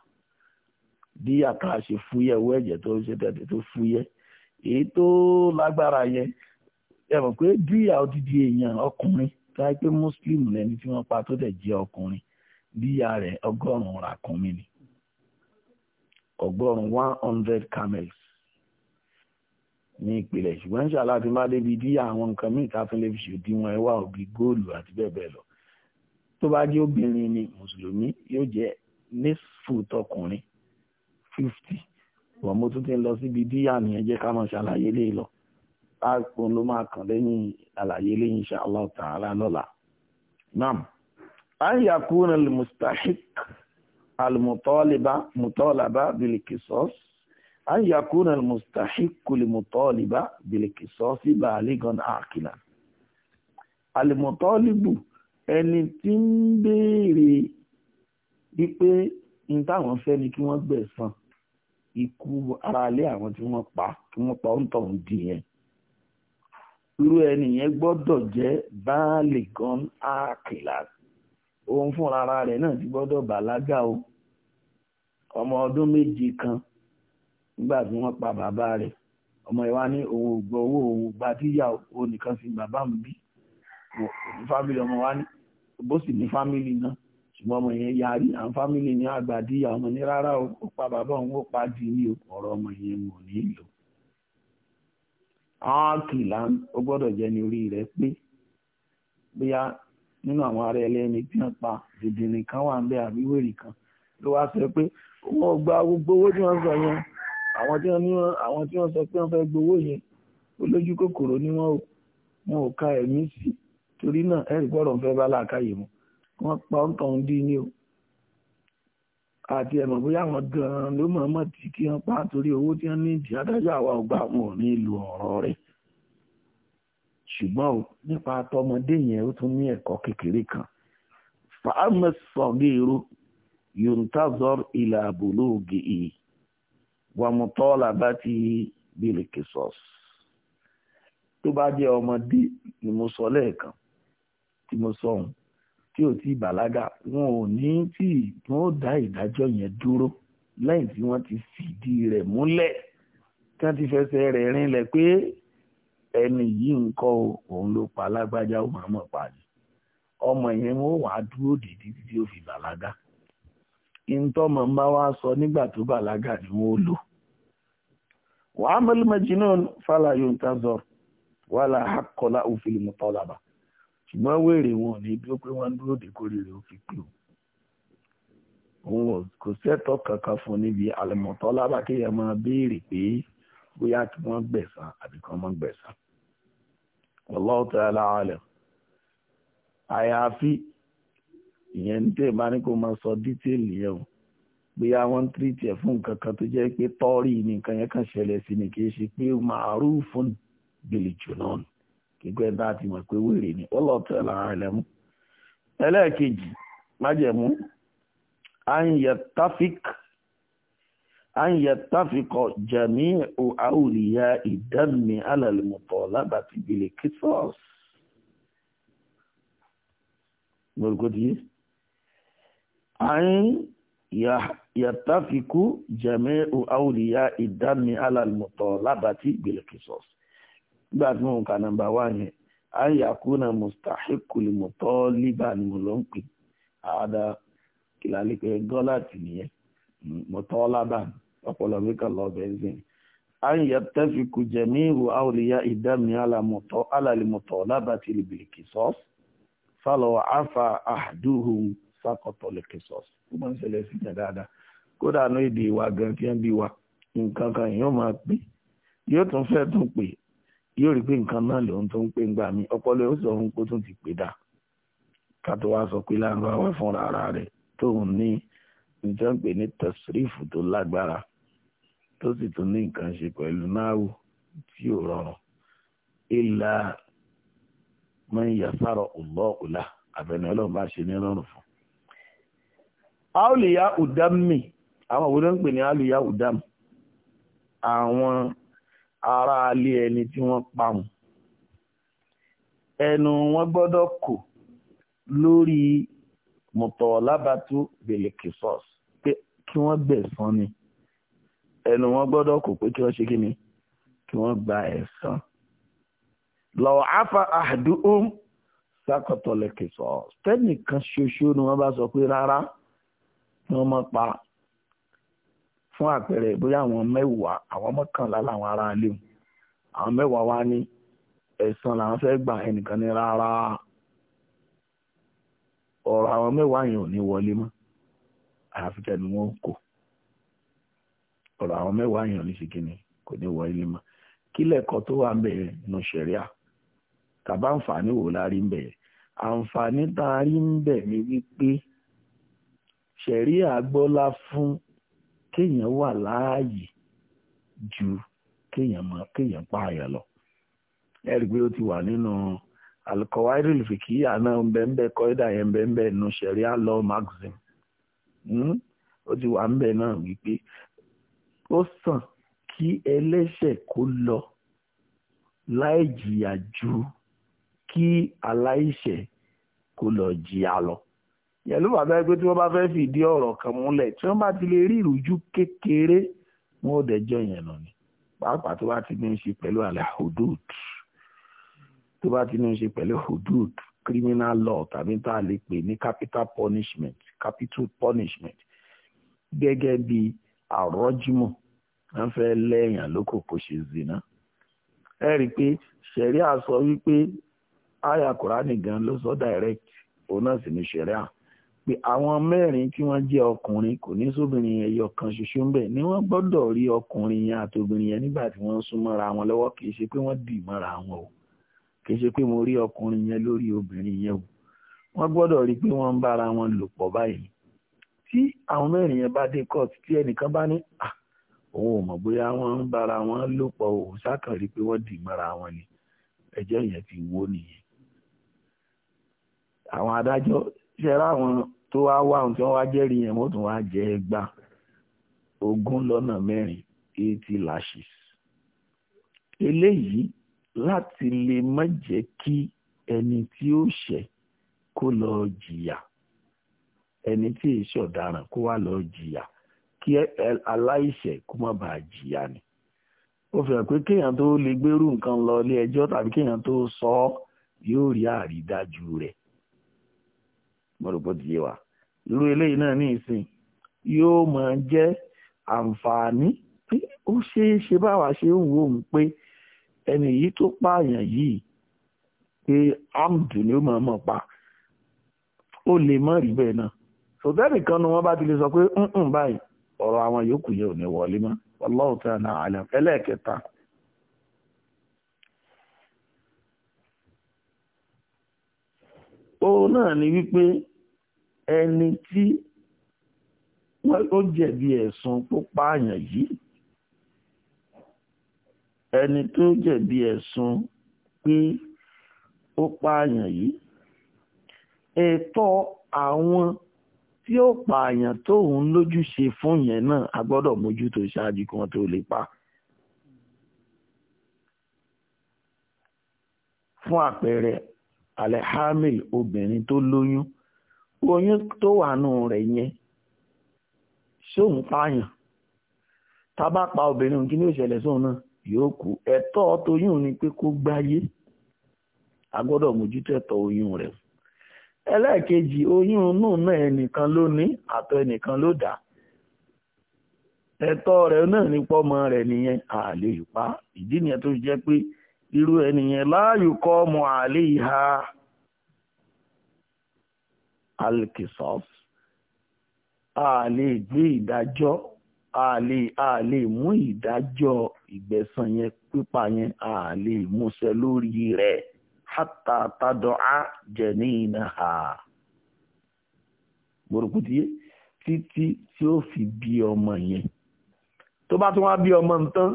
díyà tá a ṣe fúyẹ́ owó ẹ̀jẹ̀ tó ṣe tẹ̀tẹ̀ tó fúyẹ́ èyí tó lágbára yẹn ẹ mọ̀ pé díyà odidi èèyàn ọkùnrin táyé pé muslim lẹni tí wọ́n pa tó dẹ̀ jẹ́ ọkùnrin díyà rẹ̀ ọgọ́rùn-ún ràkúnmí ni ọgọ́rùn-ún one hundred camels ní ìpìlẹ̀ ṣùgbọ́n ìṣàlá ti má débi dí àwọn nǹkan míì tá a tún lè fi ṣòdiwọ̀n ẹwà òbí góòlù àti bẹ́ẹ̀ bẹ́ẹ̀ lọ tó bá jẹ́ obìnrin ni mùsùlùmí yóò jẹ́ nísfù tọkùnrin fifty wọ́n mo tún ti ń lọ síbi díyà nìyẹn jẹ́ ká máa ṣàlàyé lé e lọ láàpọn ló máa kàn lẹ́yìn àlàyé lẹ́yìn insha Allah ta'ala lọ́la. naam ayakuna al-mustahiq alimutọ́líbá mutọ́lábá bilikisos anyakuna mustahikuli mutọ́líbá bilikisos baligan akila alimutọ́líbù ẹni tí ń béèrè wípé ní táwọn fẹ́ ni kí wọ́n gbẹ̀san ikú aráalé àwọn tí wọ́n pa kí wọ́n pa òǹtọ̀ òǹdì irú ẹni yẹn gbọ́dọ̀ jẹ́ báàlì gan òun fún ara rẹ̀ náà ti gbọ́dọ̀ bàlágà o ọmọ ọdún méje kan nígbà tí wọ́n pa bàbá rẹ̀ ọmọ ìwá ní òun ò owó òun gba tíyà o nìkan sí bàbá mi bí òun fámìlì ọmọ wa ní bó sì ní fámìlì náà ṣùgbọ́n ọmọ yẹn yarí àwọn fámìlì ní àgbàdíyà ọmọ ní rárá ó pa bàbá òun ó pa di ní ọ̀rọ̀ ọmọ yẹn mò ní lò áàkì lánàá ó gbọ́dọ̀ jẹ́ ní orí rẹ̀ pé bóyá nínú àwọn ará ẹlẹ́ni tí wọ́n pa dìdìrín kan wà ń bẹ àbíwèrè kan ló wá sọ pé wọ́n gba gbogbo owó tí wọ́n sọ yẹn àwọn tí wọ́n ní àwọn tí wọ́n sọ pé wọ́n fẹ́ gbowó yẹn olójú kòkòrò ni wọ́n wọn ò ka ẹ̀mí sí torí náà ẹ̀rí gbọ́dọ̀ fẹ́ bá làákàyè mu wọ́n pa ń tàn dín ní o àti ẹ̀mọ̀ bóyá àwọn gan-an ló mọ̀ọ́mọ̀ tí kí wọ́n pa torí owó tí wọ́n ní ìdí adájọ́ àwa ọgbà wọn ò ní ìlú ọ̀rọ̀ rẹ̀ ṣùgbọ́n o nípa tọmọdé yẹn ó tún ní ẹ̀kọ́ kékeré kan fàámà sọ̀gẹ́rù yuntazor ilà àbúlóògì yìí wàmùtọ́là bá ti bílíkì sọ́ọ̀sì tó bá jẹ́ ọmọdé ni mo sọ lẹ́ẹ̀kan tí mo sọ ohun tí ò ti bàlágà wọn ò ní tí wọn ò dá ìdájọ́ yẹn dúró lẹ́yìn tí wọ́n ti fìdí rẹ̀ múlẹ̀ tí wọ́n ti fẹsẹ̀ rẹ̀ rinlẹ̀ pé ẹni yìí ń kọ́ òun ló pa lágbájá ó máa mọ̀ pa ni ọmọ yẹn wọn wà á dúró dìdí títí ó fi bàlágà ìntọ́mọ̀ ń bá wá sọ nígbà tó bàlágà ni wọ́n lò wàá mọ́lẹ́mẹ́jìnnà fàlà yóò ń tán sọ̀rọ̀ wàhálà akọlá òfin mọtọlába ṣùgbọ́n wèrè wọn ní bí ó pé wọ́n dúró de kórìíra ó fi pè òun kò sẹ́tọ̀ kankan fún níbi àlùmọ̀tọ́lába kéèyàn máa béèrè pé bóyá kí wọ́n gbẹ̀san àbí kí wọ́n má gbẹ̀san. Allahu ta'ala alam àyàfi ìyẹn ní tèèmà ní ma sọ dítèèlì yẹn o bóyá wọ́n ń fún nkankan tó jẹ́ pé tọ́ọ̀rì ní nǹkan kàn ṣẹlẹ̀ ni ṣe pé ma'rufun bil junun kíkọ́ ẹ̀dá àti mọ̀ pé ni ta'ala an yattafik an yattafiqa jami'u awliya'i dammi 'ala al-mutalabati bil qisas mọ̀rùkọ́tí àyín yàtàfikú jẹ̀mẹ́ àwòrìyá ìdámi alàlùmọ̀tọ̀ lábàtí bilqisos gbà tí wọ́n kà nàmbà wà ní àyín yàkúnà mustahikulimọ̀tọ̀ líbà ni mo lọ ń pè àádá kìlálẹ́pẹ́ gọ́láàtì nìyẹn mọ̀tọ̀ lábàtì ọpọlọ mi kà lọ bẹ́ńsìn an yattafiku jami'u awliya idami alamuto alalimuto labati falo afa ahduhum kódà ní èdè ìwà gan tí wa kan yóò máa pè yóò tún fẹ́ tún pè yóò rí pé nǹkan náà lòun tó ń pè ń gbà ọpọlọ sọ ohun kó tún ti pè ká tó wá sọ pé láàárọ̀ àwọn fúnra rẹ̀ tóun tó sì tún ní nǹkan ṣe pẹ̀lú náàwù tí ò rọrùn ìlà máa ń yàtàrọ̀ ọ̀lọ́ ọ̀la àbẹ̀ni ọlọ́run bá ṣe ní rọrùn fún. aolùyá udammi àwọn òwúrọ̀ ń pè ní aolùyá udam àwọn ará alé ẹni tí wọ́n pa ẹnu wọn gbọ́dọ̀ kò lórí mọ̀tọ̀ọ̀lábàtú bèlèkìsọ́ọ̀sì pé kí wọ́n gbẹ̀sán ni ẹnu wọn gbọ́dọ̀ kò pé kí wọ́n ṣe kí ni kí wọ́n gba ẹ̀san lọ́wọ́ afa àdúhùn um, sákọ̀tọ̀lẹ̀kẹ̀ sọ tẹ́nìkan ṣoṣo ni wọ́n bá sọ pé rárá ni wọ́n mọ̀ pa fún àpẹẹrẹ bóyá àwọn mẹ́wàá àwọn mọ́kànlá làwọn ará ilé àwọn mẹ́wàá wá ní ẹ̀san làwọn fẹ́ gba ẹnìkan ní rárá ọ̀rọ̀ àwọn mẹ́wàá yẹn ò ní wọlé mọ́ àyàfi tẹnu wọn kò ọ̀rọ̀ àwọn mẹ́wàá èèyàn ní sìkínì kò ní wọ ilé mọ́ kí lẹ́kọ̀ọ́ tó wà ń bẹ̀rẹ̀ nù ṣẹ̀ríà tàbá àǹfààní wò la rí ń bẹ̀rẹ̀ àǹfààní tá a rí ń bẹ̀ ni wípé ṣẹ̀ríà gbọ́lá fún kéèyàn wà láàyè ju kéèyàn mọ kéèyàn pààyàn lọ ẹ rí pé ó ti wà nínú alikọwáírì lùfìkìyà náà bẹ́ẹ̀ kọ́ídà yẹn bẹ́ẹ̀ nù ṣẹ̀ríà law magazine hmm? ó ti wà ń bẹ̀ náà wípé ó sàn kí ẹlẹ́ṣẹ̀ kó lọ láì jìyà ju kí aláìṣẹ̀ kó lọ jìyà lọ yẹn ló bàbá ẹgbẹ́ tí wọ́n bá fẹ́ fìdí ọ̀rọ̀ kan múlẹ̀ tí wọ́n bá ti lè rí ìrújú kékeré wọn ò dẹjọ́ yẹn lọ ni pàápàá tó bá ti ní í ṣe pẹ̀lú àlẹ́ hudud tó bá ti ní í ṣe pẹ̀lú hudud criminal law tàbí tá a lè pè ní capital punishment capital punishment gẹ́gẹ́ bíi àrọ́jùmọ̀ wọ́n fẹ́ lẹ́yìn lóko kò ṣe zina ẹ rí i pé ṣẹ̀ríà sọ wípé àyà kùránì gan ló sọ direct òun náà sì ní ṣẹ̀ríà pé àwọn mẹ́rin tí wọ́n jẹ́ ọkùnrin kò ní sóbìnrin ẹyọ kan ṣoṣo ń bẹ̀ ni wọ́n gbọ́dọ̀ rí ọkùnrin yẹn àtobìnrin yẹn nígbà tí wọ́n sún mọ́ra wọn lọ́wọ́ kì í ṣe pé wọ́n dì mọ́ra wọn o kì í ṣe pé mo rí ọkùnrin yẹn lórí obìnrin yẹn o wọ́n gbọ́dọ̀ rí i pé wọ́n ń bára wọn lò pọ̀ báyìí tí àwọn mẹ́rin yẹn bá dé court tí ẹnìkan bá ní òun ò mọ̀ bóyá wọ́n ń bára wọn lò pọ̀ òun sákàn rí pé wọ́n dì wọn ni ẹjọ́ yẹn ti wó nìyẹn. àwọn adájọ́ ṣẹ́ra àwọn tó wá wá ohun tí wọ́n wá jẹ́rìí yẹn wọ́n tún wá jẹ́ ẹgbà ogún lọ́nà mẹ́rin eighty lashes. eléyìí láti lè má jẹ́ kí ẹni tí ó ṣẹ̀ kó lọ jìyà ẹni tí èyí ṣọ̀daràn kó wà lọ́ọ́ jìyà kí aláìṣẹ̀ kó má bàa jìyà ni ó fi hàn pé kéèyàn tó lè gbérù nǹkan lọ ilé ẹjọ́ tàbí kéèyàn tó sọ ọ́ yóò rí àrídájú rẹ̀ mo rò bó ti yé wa irú eléyìí náà ní ìsìn yóò máa jẹ́ àǹfààní pé ó ṣeé ṣe báwa ṣe ń wò ó pé ẹni yìí tó pààyàn yìí pé amdu ni ó máa mọ̀ pa ó lè má rí bẹ́ẹ̀ náà sọtẹ́nì kan ni wọ́n bá ti sọ pé nǹkan báyìí ọ̀rọ̀ àwọn yòókù yẹn ò ní wọlé mọ́ wallahu ta'ala alam ẹlẹ́ẹ̀kẹta òun náà ni wípé ẹni tí ó jẹ̀bi ẹ̀sùn tó pààyàn yìí ẹni tó jẹ̀bi ẹ̀sùn pé ó pààyàn yìí tí ó pààyàn tóun lójúṣe fún yẹn náà a gbọ́dọ̀ mójútó ṣáájú kí wọ́n tó lè pa. fún àpẹẹrẹ alhamil obìnrin tó lóyún oyún tó wà nù rẹ̀ yẹn ṣóun pààyàn tá pa obìnrin kí ni ó ṣẹlẹ̀ sóun náà yóò kú ẹ̀tọ́ tóyún ni pé kó gbáyé a mójútó ẹ̀tọ́ oyún rẹ̀ fún ẹlẹ́ẹ̀kejì oyún inú náà ẹnìkan ló ní àtọ ẹnìkan ló dà. ẹ̀tọ́ rẹ náà ní pọ́mọ rẹ nìyẹn àlè ìdí nìyẹn tó jẹ pé irú ẹnìyẹn láàyò ọmọ àlè ìhà àlè gbé àlè àlè mú yẹn hátà tádọ́á jẹ̀ ní iná ha gbòròkú tiye títí tí ó fi bí ọmọ yẹn tó bá tún wá bí ọmọ nǹkan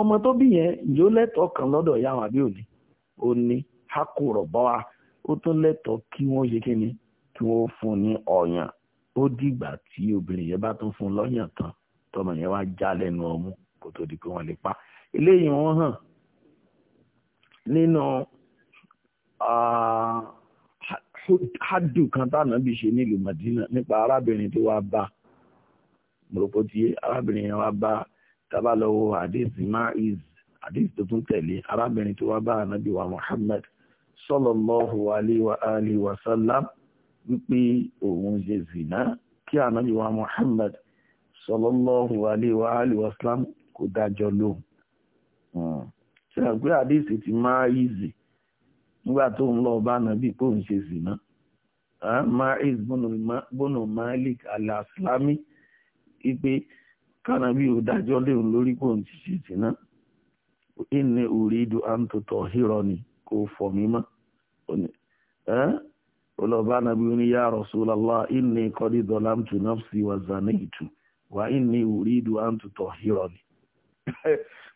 ọmọ tó bí yẹn yóò lẹ́tọ̀ọ́ kan lọ́dọ̀ ìyá àwọn àbí òní ó ní hákùrọ̀ bọ́ wa ó tún lẹ́tọ̀ọ́ kí wọ́n ṣe kí ni kí wọ́n fún ní ọ̀yàn ó dìgbà tí obìnrin yẹn bá tún fún lọ́yàn tán tọmọ yẹn wá já lẹ́nu di pé wọ́n lè pa eléyìí wọ́n hàn nínú hádù kan tánà bí ṣe nílùú Madina nípa arábìnrin tó wá bá mọ̀rọ̀pọ̀tì arábìnrin yẹn wá bá tábàlọ́wọ́ hadith ma'iz hadith tó tún tẹ̀lé arábìnrin tó wá bá ànábì wa Muhammad sallallahu alaihi wa alihi wa sallam wípé òun ṣe zìnà kí ànábì wa Muhammad sallallahu alaihi wa alihi kò dájọ́ lóhùn. Hmm. ṣe àgbé hadith ti ma'iz nígbà tó ń lọ bá nàbí pé òun ṣe zìnà Ma'iz bọ́nà Malik al-Aslami ipe kánàbí ò dájọ́ léun lórí pé òun ti ṣe zìnà inni uridu an ni kò fọ̀ mí mọ́ ọlọ́ba nàbí ó ní ya Rasulallah inni qad zalamtu nafsi wa zanaytu wa inni uridu an ni.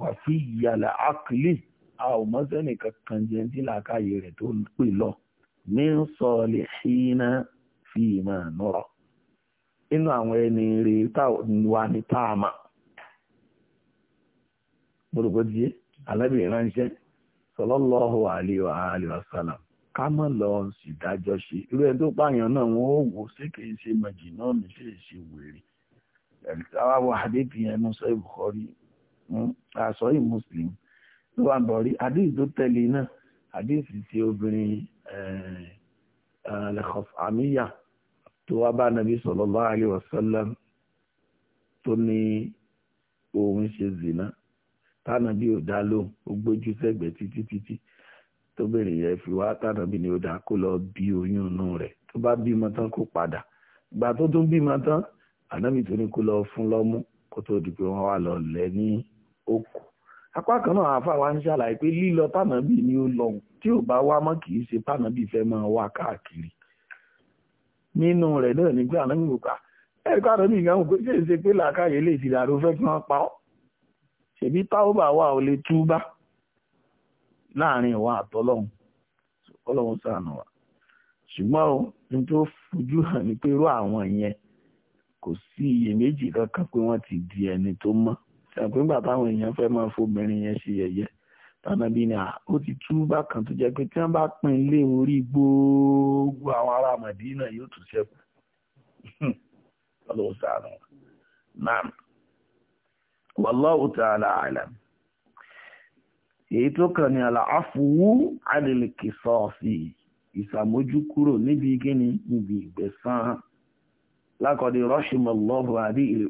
wàfí ìyàlà àkìlì a ò mọ́sẹ́nì kankan jẹ́ tí làákàyè rẹ̀ tó pè lọ ní sọ̀lì ṣínà fi ìmọ̀ nọ̀rọ̀ inú àwọn ẹni rí wa ní táàmà gbọdọ̀gbọdìyẹ alábìnrin ránṣẹ́ sọlọ́lọ́hù àlèwà àlèwà sálàm ká mọ̀ lọ sídájọ́ ṣe irú ẹni tó pààyàn náà wọn ó wò sí kì í ṣe mọ̀jì náà mi ṣe é ṣe wèrè àwọn àdébìyẹn nù sọ ìbùkọ́rí àṣọ yìí muslim ló wà ń bọ̀ rí àdéhùn tó tẹ̀lé náà àdéhùn ti obìnrin àmìyà eh, eh, tó wá bá nàbí sallallahu alaihi wasallam tó ní òun ṣe zina. tánàbí ò dá lóhùn ó gbójú sẹ́gbẹ̀ẹ́ títí títí tó bèrè yẹn fi wá tánàbí ni ó dá kó lọ bí oyún inú rẹ̀ tó bá bímọ tán kó padà ìgbà tó tún bímọ tán ànábì tó ní kó lọ fún lọ́mú kó tó di pé wọ́n wá lọ lẹ́ ní okù apá kan náà wa ń ṣàlàyé pé lílọ tànàbì ni ó lọ tí ò bá wá mọ́ kì í ṣe fẹ́ máa wá káàkiri nínú rẹ̀ náà ní pé ànábì kò ká ẹ̀rí tànàbì ṣe ṣe pé làákàyè lè fẹ́ kí wọ́n pa ọ́ ṣèbí táwọ́bà wà ó lè túbá láàrin ìwà àtọ́lọ́hún ọlọ́run wa ṣùgbọ́n o tó fojú hàn ní àwọn yẹn kò sí iyèméjì kankan pé wọ́n ṣàpín bàtà àwọn èèyàn fẹ́ máa fobìnrin yẹn ṣe yẹ̀yẹ́ tànàbí ni ó ti tú bákan tó jẹ́ pé tí wọ́n bá pín lé orí gbogbo àwọn ará Màdínà yóò tún ṣẹ́kù sàánù èyí tó kàn ní àlàáfùwú ìsàmójúkúrò níbi gíní níbi ìgbẹ̀sán àdí ìrì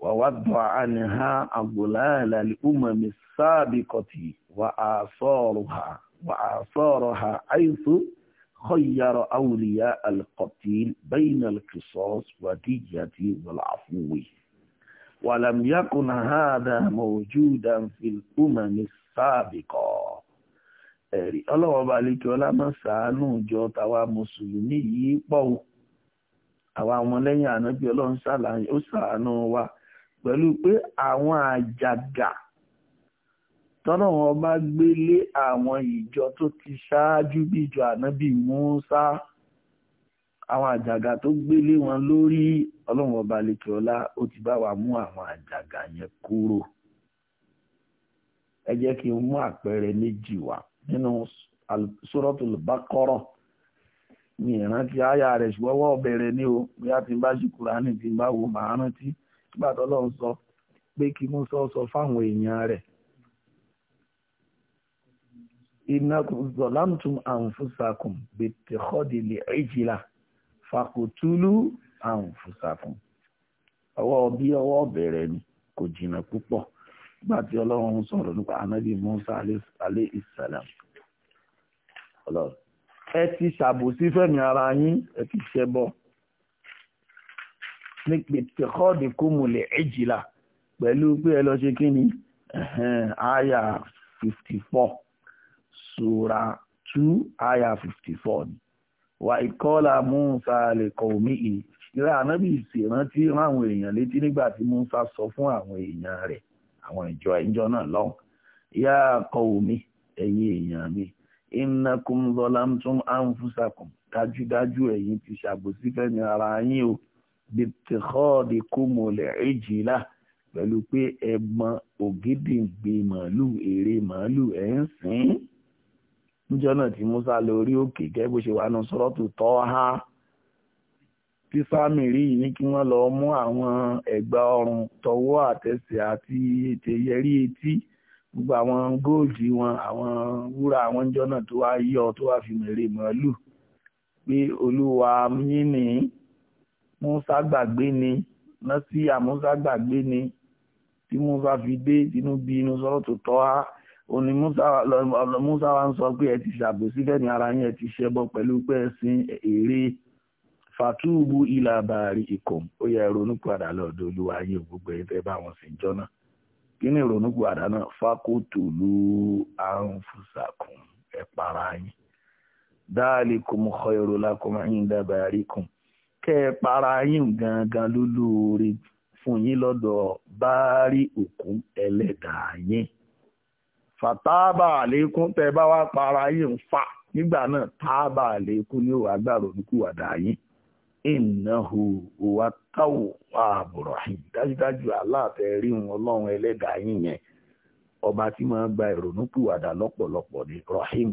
ووضع عنها أغلال الأمم السابقة وآثارها وآثارها حيث خير أولياء القتيل بين القصاص والدية والعفو ولم يكن هذا موجودا في الأمم السابقة ẹ̀rí ọlọ́wọ́ bá máa ṣàánú ìjọ tàwa mùsùlùmí yìí pọ̀ àwa ọmọlẹ́yìn ànábì ọlọ́run ṣàlàyé ó ṣàánú wa pẹ̀lú pé àwọn àjàgà tọ́nà wọn bá gbé lé àwọn ìjọ tó ti ṣáájú bí ìjọ ànábì Mùsá àwọn àjàgà tó gbé lé wọn lórí ọlọ́run ọba lẹ́kẹ̀ ọlá ó ti bá wa mú àwọn àjàgà yẹn kúrò ẹ jẹ́ kí n mú àpẹẹrẹ méjì wá nínú Suratul mi ìrántí àyà rẹ̀ ṣùgbọ́n wọ́n bẹ̀rẹ̀ ní o bí a ti bá ṣe Kùránì tí bá wo màá rántí gbàtọ́ lọ́n sọ pé kí Musa sọ fáwọn èèyàn rẹ̀ iná zọlámtum àǹfùsàkùn bìtìkọ́dìlì ẹ̀jìlá fàkùtúlù àǹfùsàkùn ọwọ́ bí ọwọ́ bẹ̀rẹ̀ ni kò jìnnà púpọ̀ nígbà tí ọlọ́run sọ̀rọ̀ nípa anábì Musa alẹ́ ìsàlám ọlọ́run ẹ ti ṣàbòsí fẹ́mi ara yín ẹ ti ṣẹbọ nípa ìtẹ̀kọ́ọ̀dì kó múlẹ̀ èjìlá pẹ̀lú pé ẹ lọ ṣe kí ni aya fifty four sura two aya fifty four ni wà ìkọ́lá Musa lè kọ́ omi yìí ìrẹ́ ànábì ìṣèrántí rán àwọn èèyàn létí nígbà tí Musa sọ fún àwọn èèyàn rẹ̀ àwọn ìjọ ìjọ náà lọ́hùn ìyá kọ́ omi ẹ̀yin èèyàn mi innakum zalamtum anfusakum dájúdájú ẹ̀yin ti ṣàbòsí fẹ́mi ara yín o bìtìkọ́ọ̀dì kùmọ̀lẹ̀ èjìlá pẹ̀lú pé ẹ̀gbọ́n ògidìgbì màálù èrè màálù ẹ̀ ń sìn ín níjọ́ náà tí Musa lọ orí òkè gẹ́gẹ́ bó ṣe wà nù sọ́rọ́tù tọ́ ha tí sámìrì yìí ní kí wọ́n lọ mú àwọn ẹ̀gbà ọrùn tọwọ́ àtẹsẹ̀ àti ètè yẹrí etí gbogbo àwọn góòdì wọn àwọn wúrà àwọn jọ́nà tó wá yọ tó wá fi mèrè màálù pé olúwa yín nìyí Musa gbàgbé ni nọ́sí àmúsá gbàgbé ni tí Musa fi dé inú bí inú sọ́rọ̀ tó tọ́ á òní Musa wa ń sọ pé ẹ ti ṣàbòsí fẹ́mi ara yín ẹ ti ṣẹbọ pẹ̀lú pé ẹ sin èrè fàtúùbù ilà bàárì ikùn ó yẹ ronú padà lọ́dọ̀ olúwa ayé gbogbo ẹ̀ tẹ́ bá wọn sìn jọ́nà kí ni ronú padà náà fákòtò ló àrùn fúsàkùn ẹ̀ para yín dáàlì kò mú kọ́ ìrọ̀lá kọ́ máa kùn. kẹ́ ẹ para yín gangan ló lóore fún yín lọ́dọ̀ báárí òkun ẹlẹ́dàá yín fàtáàbà àlékún tẹ bá wá para yín fà nígbà náà táàbà àlékún ní òwà gbàrò níkùwàdà yín ìnáhù òwà táwò àbùrọ̀hìn dájúdájú aláàtẹ rí wọn ẹlẹ́dàá yín yẹn ọba tí gba ìrònúpìwàdà ní rahim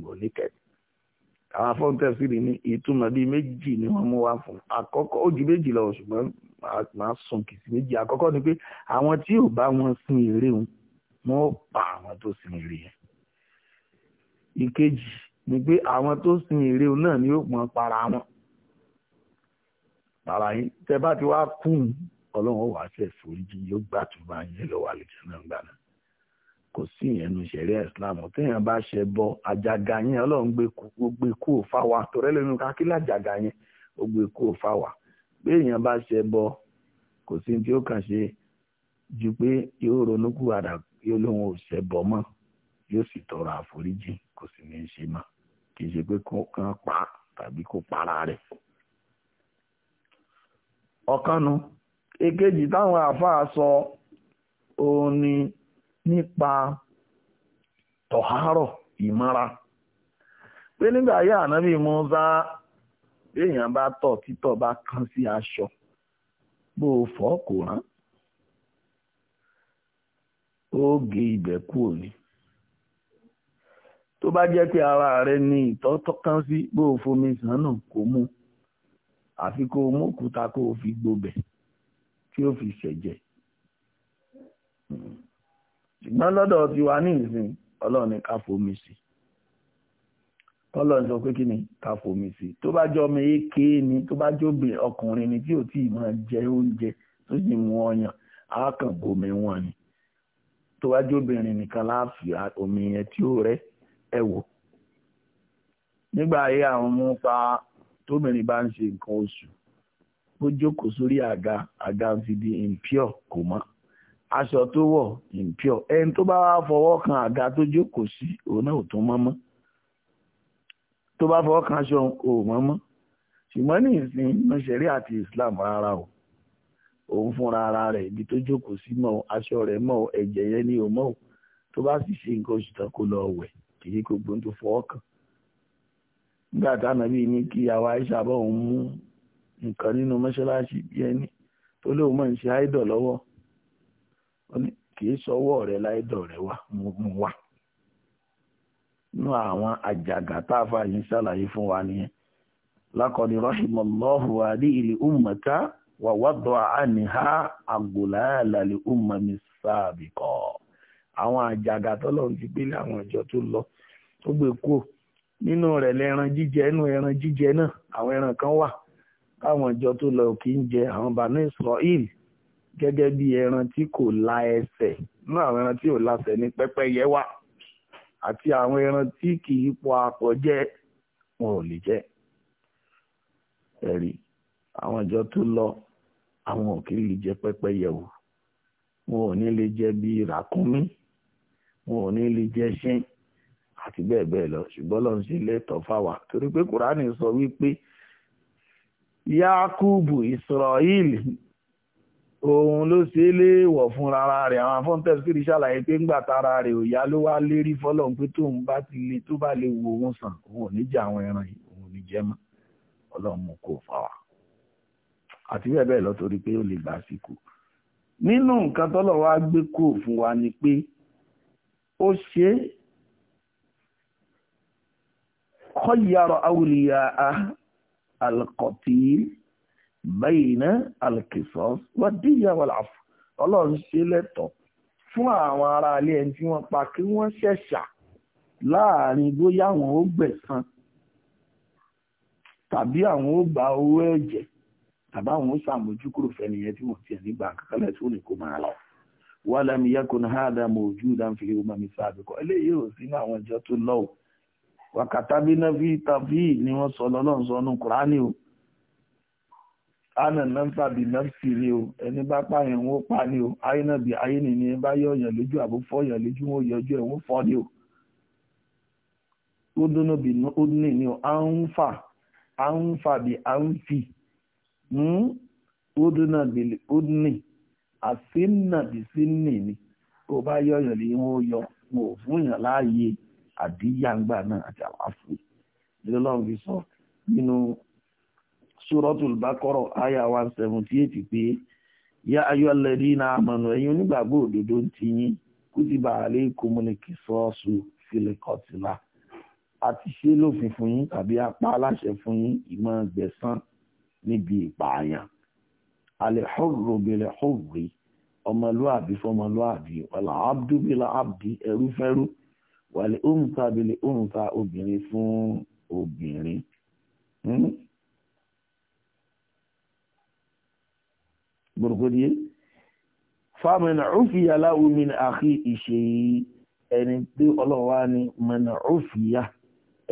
àwọn afọ́ntẹ́ sílẹ̀ ní ìtumọ̀ bíi méjì ni wọ́n mú wá fún àkọ́kọ́ ó ju méjì lọ ṣùgbọ́n màá sùn kì sí méjì àkọ́kọ́ ni pé àwọn tí ò bá wọn sin eré wọn wọ́n pa àwọn tó sin eré yẹn ìkejì ni pé àwọn tó sin eré wọn náà ni ó pọn para wọn para yín tẹ bá ti wá kún ọlọ́run ó wàá ṣẹ̀ foríjì yóò gbàtúbà yín lọ́wọ́ àlejò náà gbà náà kò sí ìyẹn nu ṣẹ̀ríà islam téèyàn bá ṣe bọ àjàgà yẹn ọlọ́run gbé kú gbé kú ò fáwa torí lónìí ká lájàgà yẹn ó gbé kú ò fáwa pé èèyàn bá ṣe bọ kò sí tí ó kàn ṣe ju pé yóò ronú kú àdà bọ mọ yóò sì tọrọ àforíjì kò sì ní í ṣe kì í ṣe pé pa tàbí kó para ọ̀kanu èkejì táwọn sọ òun ni. nipa tọ̀hárọ̀ imara pé nígbà ayé ànábì Mùsá èèyàn bá tọ̀ títọ̀ bá kan sí aṣọ o oge kò tó bá jẹ́ pé ara rẹ ní ìtọ̀ kan sí bó fomi náà kò mú àfi kó mú òkúta kó fi gbobẹ̀ tí ṣùgbọ́n lọ́dọ̀ ti wà ní ìsìn ọlọ́run ní ká sí ọlọ́run sọ pé kí ni ká bá jọ ọmọ ni tó bá jóbe ọkùnrin ni tí ò tí ì máa jẹ oúnjẹ tó sì mú ọyàn á wọn ni tó bá jóbìnrin nìkan omi yẹn tí ó rẹ ẹ wò nígbà ayé àwọn ọmọ pa bá ń ṣe nǹkan oṣù ó àga àga ń di impure kò mọ́ aṣọ tó wọ̀ impure ẹni tó bá wá fọwọ́ kan àga tó jókòó sí òun náà ò tún mọ́mọ́ tó bá fọwọ́ kan aṣọ ò mọ́mọ́ ṣùgbọ́n ní ìsìn nọ́ṣẹ̀rí àti Islam rárá o òun fúnra ara rẹ̀ ibi tó jókòó sí mọ́ aṣọ rẹ̀ mọ́ ẹ̀jẹ̀ yẹn ni ò mọ́ o tó bá sì ṣe nǹkan oṣù tán kó lọ wẹ̀ kì í gbogbo tó fọwọ́ kan nígbà tánábì ní kí àwa Aisha òun mú nǹkan nínú mọ́ṣáláṣí bí ẹni tó lóun mọ̀ ń ṣe áìdọ̀ lọ́wọ́ kìí sọwọ́ rẹ láìdọ̀ rẹ wá mú wá àwọn àjàgà tá a fún wa nìyẹn lákọni rahimallahu alihi ummata wa wada'a àwọn àjàgà tọ́lọ́run ti gbélé àwọn ìjọ tó lọ tó gbé nínú rẹ̀ lẹ́ran jíjẹ inú ẹran jíjẹ náà àwọn ẹran kan wà táwọn ìjọ tó lọ kì í jẹ àwọn bàánú gẹ́gẹ́ bí ẹran tí kò la ẹsẹ̀ nínú àwọn ẹran tí ò lasẹ̀ ní pẹ́pẹ́yẹ wà àti àwọn ẹran tí kì í pọ apọ̀ jẹ wọn ò lè jẹ ẹ̀rí àwọn ìjọ tó lọ àwọn ò kì í lè jẹ pẹ́pẹ́yẹ o wọn ò ní lè jẹ bí ràkúnmí wọn ò ní lè jẹ ṣín àti bẹ́ẹ̀ bẹ́ẹ̀ lọ ṣùgbọ́n lọ́n ṣe lẹ́tọ̀ọ́ fáwa torí pé kùránì sọ wípé yakubu israel òun ló ṣe é léèwọ̀ fún rárá rẹ̀ àwọn afọ́ńtẹ́sì kìrì ṣàlàyé pé ńgbà tára rẹ̀ ò yá ló wá lérí fọ́lọ́n pé tóun bá ti le tó bá lè wo òun sàn òun ò ní jẹ àwọn ẹran yìí òun ò ní jẹ mọ́ ọlọ́run mú kó fà wá àti bẹ́ẹ̀ bẹ́ẹ̀ lọ pé ó lè gbà síkù nínú nǹkan tọ́lọ̀ wá gbé kó fún wa ni pé ó ṣe kọ́yàrọ̀ awùlíyà alkọ̀tì bayna al-qisas wa diyya wal-'afw ọlọ́run ṣe lẹ́tọ̀ọ́ fún àwọn ará ilé ẹni tí wọ́n pa kí wọ́n ṣẹ̀ṣà láàrin bóyá àwọn ó gbẹ̀san tàbí àwọn ó gba owó ẹ̀jẹ̀ tàbí àwọn ó ṣàmójúkúrò fẹ́niyẹn tí wọ́n tiẹ̀ nígbà kankanlẹ̀ tó ní kó máa lọ. wà lẹ́mi yẹ́kùn ní hàdà mawjudan fi ọmọ mi sáàbìkọ́ eléyìí ò sí ní àwọn ìjọ tó lọ́wọ́ wàkàtàbí náà tàbí ni wọ́n sọ lọ́nà sọ́nù kùránì o ana nampa bi nọ́ńfì rí o ẹni bá pààyàn wọn pa ni o ayé náà bí ayé nìyí ẹni bá yọ ọ̀yàn lójú àbó fọ́ọ̀yàn lójú wọn yọjú ẹ̀ wọ́n fọ́ ni o ó dúnú bí ó ní ni o à ń fà à ń fà bí à ń fì hmm? ó dúnà bí ó ní àsínà bí sínì ni tó bá yọ ọ̀yàn lójú wọn yọ wọn ò fún yàn láàyè àdíyàngbà náà àti àwáfù ìdílọ́run fi sọ nínú suratul baqara aya 178 seventy eight pé ya ayọ́ lẹ́rí na àmọ̀nà ẹ̀yin onígbàgbọ́ òdodo ń ti yín kutiba alaykumul qisasu fil qatla àti ṣe lófin fún yín tàbí apá aláṣẹ fún yín ìmọ̀ gbẹ̀san níbi ìpààyàn al-hurru bil-hurri ọmọlúàbí fọmọlúàbí wàlà abdu bil-abdi ẹrúfẹ́rú wàlẹ̀ òǹtà bil-òǹtà obìnrin fún obìnrin. Hmm? gbòrògbòdìyẹ fámìnà òfìyà láwùmí ní àkí ìṣe ẹni tí ọlọ́wà ni mọ̀nà òfìyà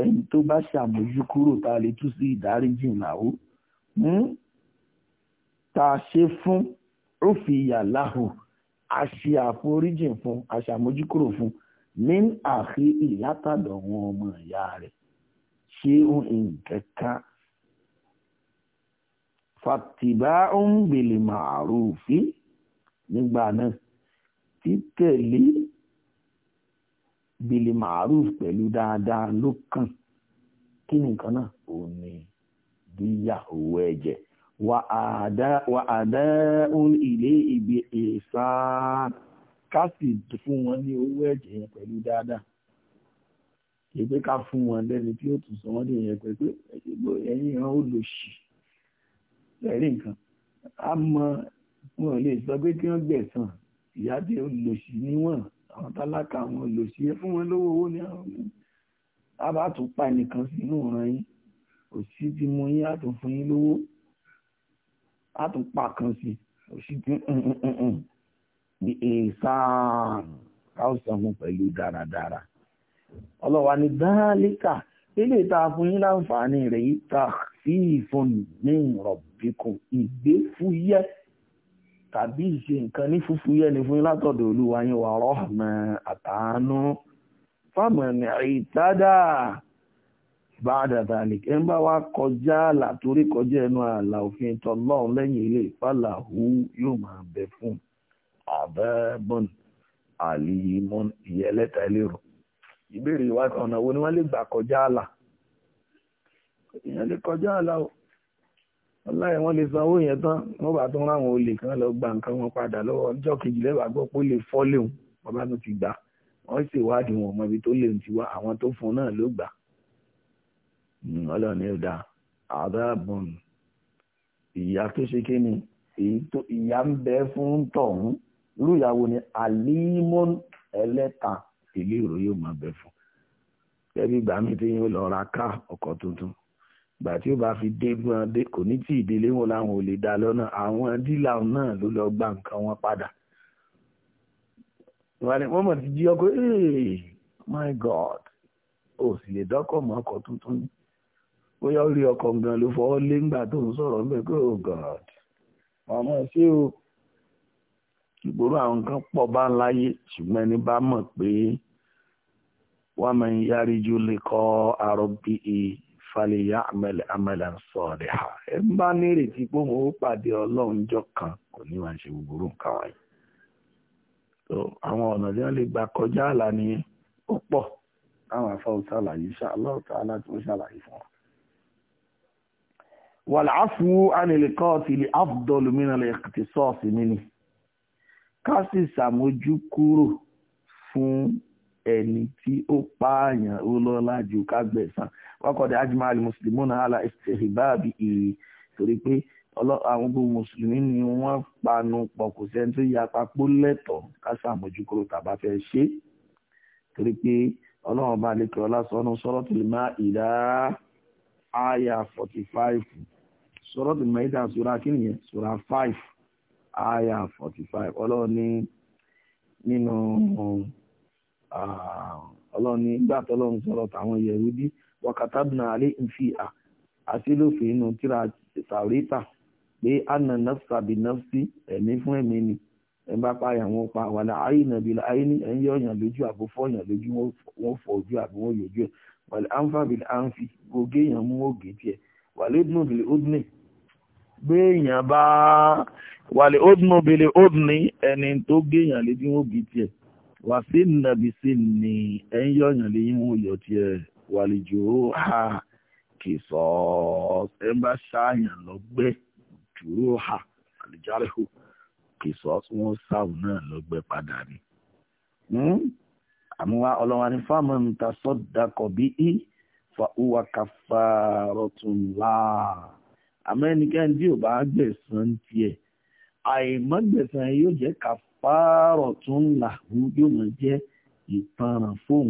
ẹni tó bá ṣàmójú kúrò tá a lè tú sí ìdáríjì làwó hmm? tá a ṣe fún òfìyà láhù a ṣe àforíjì fún a ṣàmójúkúrò fún ní àkí ìyátàdọ̀ wọn ọmọ ìyá rẹ̀ ṣé nǹkan kan fattiba'un bil ma'rufi nígbà náà títẹ̀lé bil ma'ruf pẹ̀lú dáadáa ló kàn kí nìkan náà ò ní díyà owó ẹ̀jẹ̀ wà àdáhùn ilé ibi ìsàn ká sì fún wọn ní owó ẹ̀jẹ̀ yẹn pẹ̀lú dáadáa kì pé ká fún wọn lẹ́ni tí ó tún sọ wọ́n dé yẹn pé pé ẹ̀yìn ìran ó lò sí i ẹ̀rí nǹkan a mọ wọn lè sọ pé kí wọ́n gbẹ̀sán ìyá tí ó lò sí níwọ̀n àwọn tálákà wọn lò sí fún wọn lówó owó ní àwọn ọmọ a bá tún pa ẹnìkan sínú ọ̀ràn yín kò sí ti mú yín àtún fún yín lówó àtún pa kan sí kò sí ti ní ìsàn káwùsàn pẹ̀lú dáradára ọlọ́wà ní dáálíkà ilé ìta fún yín láǹfààní rẹ̀ yìí ta fíìfún ní ìrọ̀bù àfikò ìgbéfúyẹ́ tàbí ìṣe nǹkan ní fúfúyẹ́ ni fún látọ̀dọ̀ olúwa yín wà rọ́ọ̀mọ́ àtàánú fámọ̀nì ìtádà báadàdà ní ẹ ń bá wá kọjá àlà torí kọjá ẹnu àlà òfin tọlọ́run lẹ́yìn ilé ìfàlà hu yóò máa bẹ fún àbẹ́bọ̀n àlìmọ́n ìyẹn lẹ́tà ẹlẹ́rọ. ìbéèrè ìwádìí ọ̀nà wo ni wọ́n lè gbà kọjá àlà èèyàn lè kọjá àlà o ọláyẹ wọn lè san owó yẹn tán wọn bá tún ráwọn olè kan lọ gba nǹkan wọn padà lọ́wọ́ ọjọ́ kejì lẹwàá gbọ́ pé ó lè fọ léwu bàbá tó ti gbà wọn ṣèwádìí wọn mọ ibi tó lè ti wá àwọn tó fún náà ló gbà hmm, ọlọ́run yóò dá àdáàbọ̀n ìyá tó ṣe kí ni èyí tó ìyá ń bẹ fún tọ̀hún lóyàwó ni àlímọ́n ẹlẹ́ta ìlú ìròyìn ò máa bẹ fún ẹbí ìgbà mi tí yóò lọ ra ká ọkọ̀ tuntun gbà tí ó bá fi dé gbọ́n dé kò ní tí ìdílé wọn làwọn dá lọ́nà àwọn dílà náà ló lọ gba nǹkan wọn padà wọ́n mọ̀ ti jí ọkọ̀ ee my god ò sì lè dọ́kọ̀ mọ́ ọkọ̀ tuntun bóyá ó rí ọkọ̀ gan ló fọwọ́ lé ńgbà tó ń sọ̀rọ̀ ń bẹ̀ pé oh god ọmọ ṣé o ìgboro àwọn nǹkan pọ̀ bá ń láyé ṣùgbọ́n ẹni bá mọ̀ pé wọ́n máa ń yárí lè kọ́ àròbí falẹ̀yà àmàlà sọ̀rẹ̀ ha ẹ ń bá nírètí pé òun ó pàdé ọlọ́run jọ kan kò ní máa ṣe gbogbo nǹkan wáyé so àwọn ọ̀nà tí wọ́n lè gbà kọjá àlà ni ó pọ̀ táwọn afáwọ́ ṣàlàyé ṣàlọ́ọ̀tà aláti ó ṣàlàyé fún wọn. wàlàáfù ánìlẹ́kọ́ọ̀tì lè áfùdọ́lù mìíràn lè ti sọ́ọ̀sì nínú ká sì ṣàmójú kúrò fún ẹni tí ó pààyàn ó lọ́lá ju ká gbẹ̀san kọ́kọ́dé ajima alimusulmi náà ala ìṣèhìbáàbí ìrì torí pé àwọn gbogbo mùsùlùmí ni wọ́n panu pọ̀ kò sẹ́ni tó ya papò lẹ́tọ̀ọ́ ká sàmójúkúrò tàbá fẹ́ ṣe torí pé ọlọ́run bá lè kọ́ lásán Suratul Maida àyà forty five Suratul Maida sura kíni yẹn sura five àyà forty five ọlọ́run ní nínú ọlọ́run ní gbàtọ́ ọlọ́run sọ̀rọ̀ tàwọn Yẹhudi wakatabna alayhim fiha àti lófin inú tíra sàríta pé anna nafsa bi nafsi ẹ̀mí fún ẹ̀mí ni ẹ̀ bá pa àyàn wọn pa wàlà àyìnà bìlà àyìnì ẹ̀ ń yọ ọ̀yàn lójú àbò fọ́ ọ̀yàn lójú wọn fọ ojú àbò wọn yọjú ẹ̀ wàlẹ̀ anfa bìlà anfi gògé èèyàn mú ògè tiẹ̀ wàlẹ̀ ibnu bìlà udni gbé èèyàn bá wàlẹ̀ udnu bìlà udni ẹni tó gé èèyàn létí wọn ògè tiẹ̀ wàsí nàbìsí ni ẹ̀ ń yọ ọ̀yàn léyìn wọn yọ tiẹ̀ wàlejò ha kì sọ ẹ bá ṣáàyàn lọ́gbẹ́ jùrò ha àlejò àrẹ́hù kì sọ wọn sáwọn náà lọ́gbẹ́ padà ni. Hmm? àmúwá ọlọ́wà ní fáàmù ń ta sọ́dàkọ̀ bí i fa uwa kàfà rọ̀tún láà àmọ́ ẹnikẹ́ni tí ò bá gbẹ̀sán tiẹ̀ àìmọ́gbẹ̀sán yóò jẹ́ kàfà rọ̀tún làhù yóò mọ̀ jẹ́ ìtanràn fóun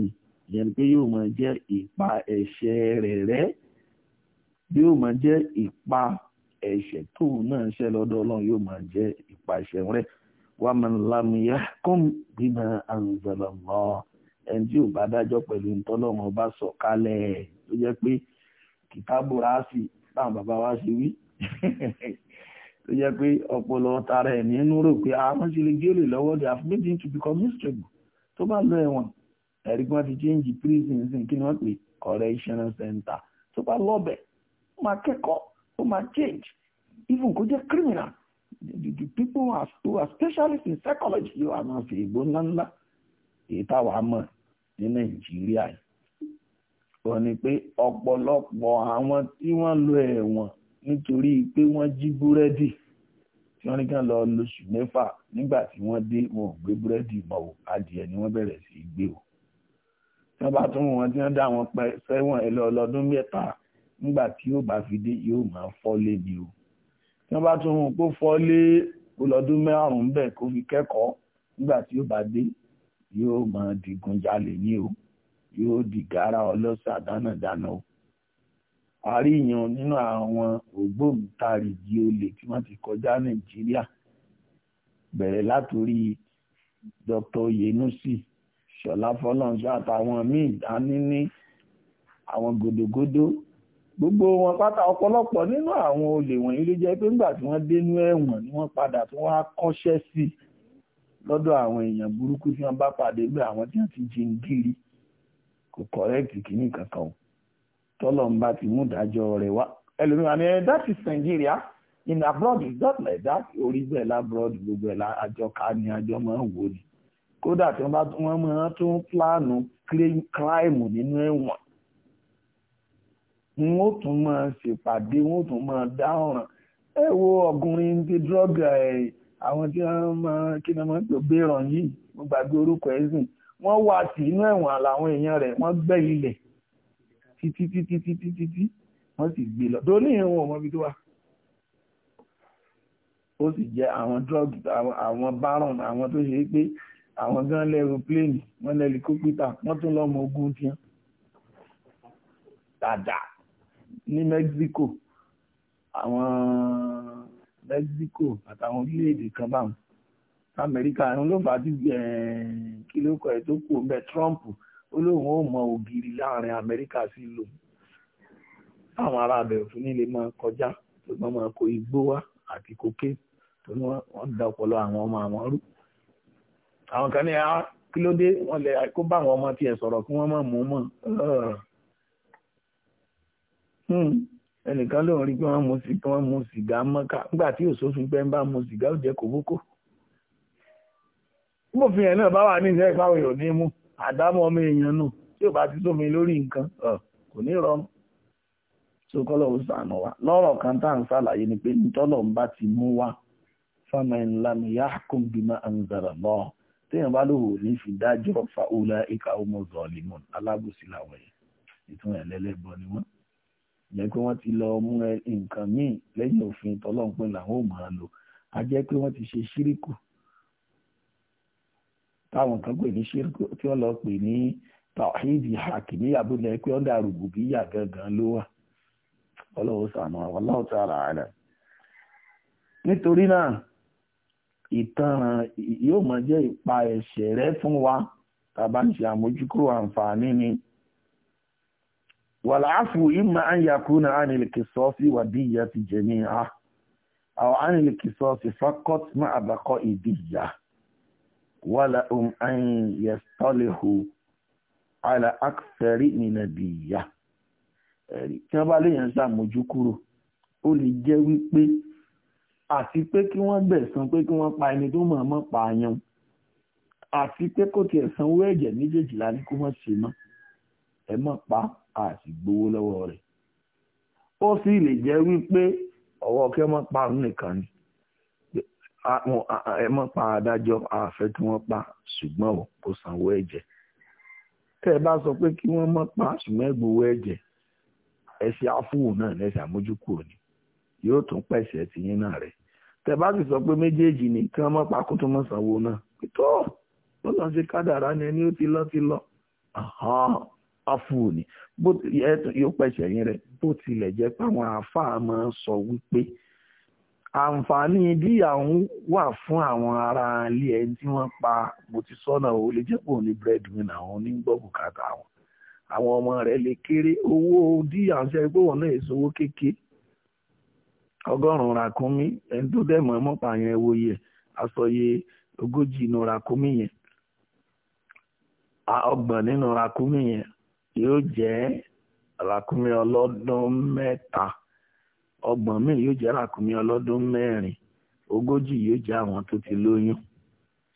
ìyẹn ni pé yóò máa jẹ́ ìpa ẹ̀ṣẹ̀ rẹ̀ rẹ́ yóò máa jẹ́ ìpa ẹ̀ṣẹ̀ tóun náà ṣẹ̀ lọ́dọ̀ ọlọ́run yóò máa jẹ́ ìpa ẹ̀ṣẹ̀ rẹ̀ wa man lam yahkum bima anzala Allah ẹni tí ò bá dájọ́ pẹ̀lú ntọ́lọ́run ọba sọ kálẹ̀ tó jẹ́ pé kìtàbù ráàsì táwọn bàbá wa ṣe wí tó jẹ́ pé ọpọlọ tara ẹ̀ nínú rò pé àwọn ah, ṣe lè gé lè lọ́wọ́ they have made him to become miserable tó bá lọ ẹ̀wọ̀n ẹ̀rí pé wọ́n ti change prison sí kí ni wọ́n pè correctional center tó bá lọ́bẹ̀ ó máa kẹ́kọ̀ọ́ ó máa change even kó jẹ́ criminal the, the people who are, who are specialists in psychology yóò wá máa fi ìgbó ńláńlá èyí mọ̀ ní nàìjíríà yìí ó ní pé ọ̀pọ̀lọpọ̀ àwọn tí wọ́n lọ ẹ̀wọ̀n nítorí pé wọ́n jí búrẹ́dì tí wọ́n ní lọ lóṣù wọ́n bá tún wọn tí wọ́n dá wọn pẹ́ sẹ́wọ̀n ẹ̀lọ́ ọlọ́dún mẹ́ta nígbà tí yóò bá fi dé yóò máa fọ́lé ni o tí wọ́n bá tún wọn kó fọ́lé ọlọ́dún márùn-ún bẹ̀ kó fi kẹ́kọ̀ọ́ nígbà tí yóò bá dé yóò máa digun jalè ní o yóò di gàárà ọlọ́sà dánadáná o àríyàn nínú àwọn ògbóǹtarìgì olè tí wọ́n ti kọjá Nàìjíríà bẹ̀rẹ̀ látòrí Dr. Yenusi ṣọlá fọlọ́nṣọ́ àtàwọn míì dání àwọn gòdògòdò gbogbo wọn pátá ọ̀pọ̀lọpọ̀ nínú àwọn olè wọ̀nyí ló jẹ́ pé nígbà tí wọ́n dénú ẹ̀wọ̀n ni wọ́n padà tí wọ́n á kọ́ṣẹ́ sí i lọ́dọ̀ àwọn èèyàn burúkú tí wọ́n bá pàdé gbé àwọn tí wọ́n ti jí ń gírí kò kọ̀rẹ́ẹ̀tì kìíní kankan o tọ́lọ̀ ń bá ti mú ìdájọ́ rẹ̀ wá ẹlòmíràn ni eh, that is Nigeria in abroad is not like that orí bẹ́ẹ̀ lábroad gbogbo ẹ̀ àjọ ká ni àjọ máa ń wò ni kódà tí wọ́n bá wọ́n máa tún pláànù kíláìmù nínú ẹ̀wọ̀n wọ́n tún máa ṣèpàdé wọ́n tún máa dá ọ̀ràn ẹ wo ọ̀gùnrin ti drug àwọn tí wọ́n máa kí ni wọ́n tó gbéràn yìí mo gbàgbé orúkọ ẹ̀sìn wọ́n wá sí inú ẹ̀wọ̀n làwọn èèyàn rẹ̀ wọ́n gbẹ́ ilẹ̀ títí títí títí títí wọ́n sì gbé lọ tó ní ìwọ̀n ọmọ ibi tó wà ó sì jẹ́ àwọn drug àwọn báràn àwọn tó ṣe é pé àwọn gan lẹ́rù pléènì wọ́n lẹ́rù kópítà wọ́n tún lọ́mọ ogun tí wọ́n ní Mexico àwọn Mexico àtàwọn orílẹ̀-èdè kan báwọn Amẹ́ríkà àwọn ló fà á ti kí ló kọ̀ tó kù ọ̀bẹ Trump ó lóun ó mọ ògiri láàrin Amẹ́ríkà sí lò àwọn ará abẹ̀rù fún nílé máa kọjá ṣùgbọ́n máa kó igbó wá àti kókè tó ní wọ́n da ọpọlọ àwọn ọmọ àwọn rú àwọn kan ní a ah, kí ló dé wọ́n lè kó bá àwọn ọmọ tiẹ̀ sọ̀rọ̀ kí wọ́n má mú mọ́ hmm. ẹnìkan ló ń rí pé wọ́n mú sí kí wọ́n mú sìgá mọ́ká nígbà tí òṣòfin pẹ́ ń bá mú sìgá ó jẹ́ kòbókò bófin ẹ̀ náà bá wà ní ìjẹ́ ìpáwọ̀ èèyàn ní mú àdámọ́ ọmọ èèyàn nù tí ò bá ti sómi lórí nǹkan kò ní rọrùn tó ó sànù wa lọ́rọ̀ kan tá à ń ṣàlàyé ni pé nítọ́lọ̀ ń bá ti mú wa fámẹ́ńlámiyá kùnbímọ́ àǹzàrà lọ́ọ̀ téèyàn bá lòwò ní fi dájọ́ fáwọlá ìka ọmọ zọlímọ̀n alábòsí làwọn yẹn ìtumọ̀ ẹ̀lẹ́lẹ́bọ ni wọ́n jẹ́ pé wọ́n ti lọ mú ẹ nǹkan míì lẹ́yìn òfin tọ́lọ́pin làwọn ò máa lò á jẹ́ pé wọ́n ti ṣe ṣíríkù táwọn kan pè ní ṣíríkù tí wọ́n lọ pè ní tàwáhídì hàkìmíyà bó lẹ pé ọ́ndà rùbùbíyà gangan ló wà ọlọ́wọ́ sàmọ́ àwọn aláwọ̀ ìtanràn yóò mọ̀ jẹ́ ìpa ẹ̀ṣẹ̀ rẹ fún wa tàbá ń ṣe àmójúkúrò àǹfààní ni wàláàfù ìmọ̀ àyàkúnà ánìlìkìsọ́ọ̀sì wàdíyà ti jẹ̀ ní a àwọn ánìlìkìsọ́ọ̀sì fakọ́t má àbàkọ́ ìdíyà wàlà um àyẹ̀sọ́lẹ̀hù àlà àkṣẹ̀rí nìnàbíyà tí wọ́n bá léèyàn ṣàmójúkúrò ó lè jẹ́ wípé àti pé kí wọ́n gbẹ̀san pé kí wọ́n pa ẹni tó mọ̀ọ́mọ̀ pa yan àti pé kò tiẹ̀ sanwó ẹ̀jẹ̀ méjèèjìlá ní kó mọ̀ ṣe mọ́ ẹ mọ̀ pa àti gbowó lọ́wọ́ rẹ̀ ó sì lè jẹ́ wípé ọwọ́ kí wọ́n pa òun nìkan ni ẹ mọ̀ pa adájọ́ àfẹ́ tí wọ́n pa ṣùgbọ́n ò kó sanwó ẹ̀jẹ̀ tẹ́ ẹ bá sọ pé kí wọ́n mọ̀ pa ṣùgbọ́n ẹ gbowó ẹ̀jẹ̀ ẹ ṣe àfúwò náà lẹ́sẹ̀ àmójúkúrò ni yóò tún pẹ̀sẹ̀ tí yín náà rẹ̀ tẹ́ bá sì sọ pé méjèèjì ni kí wọ́n mọ́ pa tó mọ́ sanwó náà tó ó lọ sí kádàrá ni ẹni ó ti lọ ti lọ afu ni yóò pẹ̀sẹ̀ yín rẹ̀ bó tilẹ̀ jẹ́ pé àwọn àáfàá máa ń sọ wípé àǹfààní díyà ń wà fún àwọn ará ilé ẹni tí wọ́n pa mo ti sọ́nà o lè jẹ́ pé òun ní búrẹ́dì mi náà òun ní gbọ́ àwọn ọmọ rẹ̀ lè kéré owó díyà ń ṣe pé wọn náà èso owó kékeré ọgọ́rùn-ún ràkúnmí ẹni tó dẹ̀ mọ́ mọ́pa yẹn wo yẹ àsọyé ogójì nínú ràkúnmí yẹn ọgbọ̀n nínú ràkúnmí yẹn yóò jẹ́ ràkúnmí ọlọ́dún mẹ́ta ọgbọ̀n míì yóò jẹ́ ràkúnmí ọlọ́dún mẹ́rin ogójì yóò jẹ́ àwọn tó ti lóyún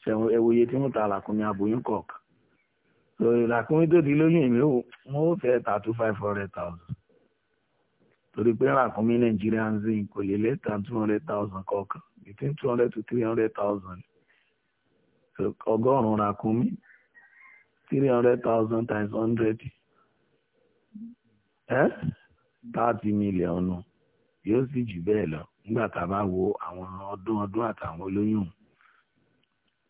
ṣẹ̀wọ̀n ẹwòye tí wọ́n ta ràkúnmí aboyún kọ̀ọ̀kan so ràkúnmí tó ti lóyún èmi ò wọ́n fẹ́ ta two five hundred thousand torí pé ràkúnmí nàìjíríà ń zin kò lè lẹ́tà two hundred thousand kọ̀ọ̀kan between two hundred to three hundred thousand ọgọ́rùn-ún ràkúnmí three hundred thousand times hundred ẹ́ thirty million nù yóò sì jù bẹ́ẹ̀ lọ nígbà tá a bá wo àwọn ọdún ọdún àtàwọn olóyún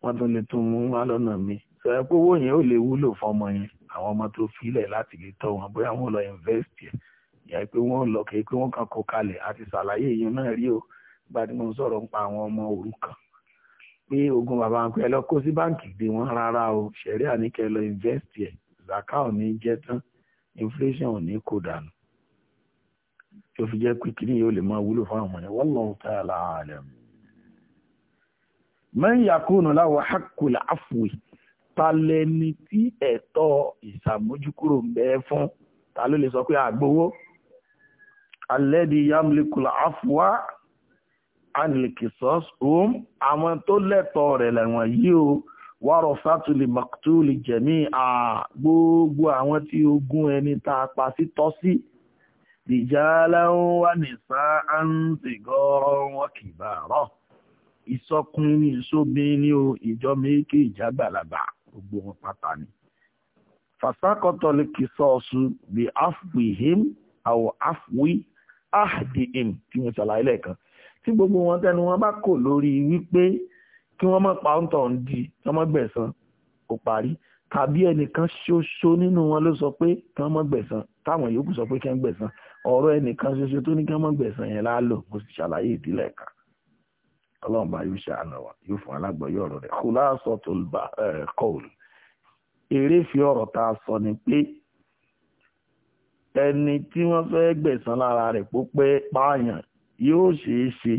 wọ́n tún lè tún mú wá lọ́nà mi sọ ẹ pé owó yẹn ò lè wúlò fọmọ yẹn àwọn ọmọ tó filẹ̀ láti lè tọ́ wọn bóyá wọn lọ invest yẹn ìyá pé wọ́n lọ kẹ́ pé wọ́n kàn kó kalẹ̀ àti ṣàlàyé èèyàn náà rí o gba tí mo ń sọ̀rọ̀ ń pa àwọn ọmọ òrukàn pé ogun bàbá wọn pé ẹ lọ kó sí báǹkì gbé wọn rárá o ṣẹ̀rí àníkẹ́ lọ invest ẹ̀ zaka ò ní jẹ́ tán inflation ò ní kó dànù tó fi jẹ́ pé kíní yóò lè máa wúlò fáwọn ọmọ yẹn wallahu ta'ala alam man yakunu lahu haqqul afwi talẹ́ni tí ẹ̀tọ́ ìṣàmójúkúrò ń bẹ fún ta ló lè sọ pé àgbowó alẹ́dí yamlikula afuwa anilikisọ́s òun um, àwọn tó lẹ́tọ̀ọ́ rẹ̀ lẹ́wọ̀n yìí o wárọ̀ sátúlì maktúlì jẹ̀mí à gbogbo àwọn tí ogún ẹni tá a pa sí tọ́ sí ìjàlá ń wá nìsá àǹtí gọ́ọ̀rọ̀ wọn kì bá rọ̀ ìsọkùnrin ìṣóbin ní o ìjọ méjì ìjàgbàlagbà gbogbo wọn pátá ni fasakọtọlì kìsọ́ọ̀sù bí afwihim àwọ̀ afwi ahdihim tí mo ṣàlàyé lẹ́ẹ̀kan tí gbogbo wọn tẹnu wọn bá kò lórí wípé kí wọ́n má pa ọ̀ǹtọ̀ ń di kí wọ́n gbẹ̀san kò parí tàbí ẹnìkan ṣoṣo nínú wọn ló sọ pé kí wọ́n má gbẹ̀san táwọn yòókù sọ pé kí wọ́n gbẹ̀san ọ̀rọ̀ ẹnìkan ṣoṣo tó ní kí wọ́n má gbẹ̀san yẹn lálò mo sì ṣàlàyé ìdílé kan ọlọ́run yóò ṣàánà wa yóò fún alágbọ̀yé ọ̀rọ̀ rẹ̀ kò láàsọ tó kọ́ọ̀lù èrè fi ọ̀rọ̀ tá sọ ni pé ẹni tí wọ́n fẹ́ gbẹ̀san lára rẹ̀ pó pẹ́ pààyàn yóò ṣeé ṣe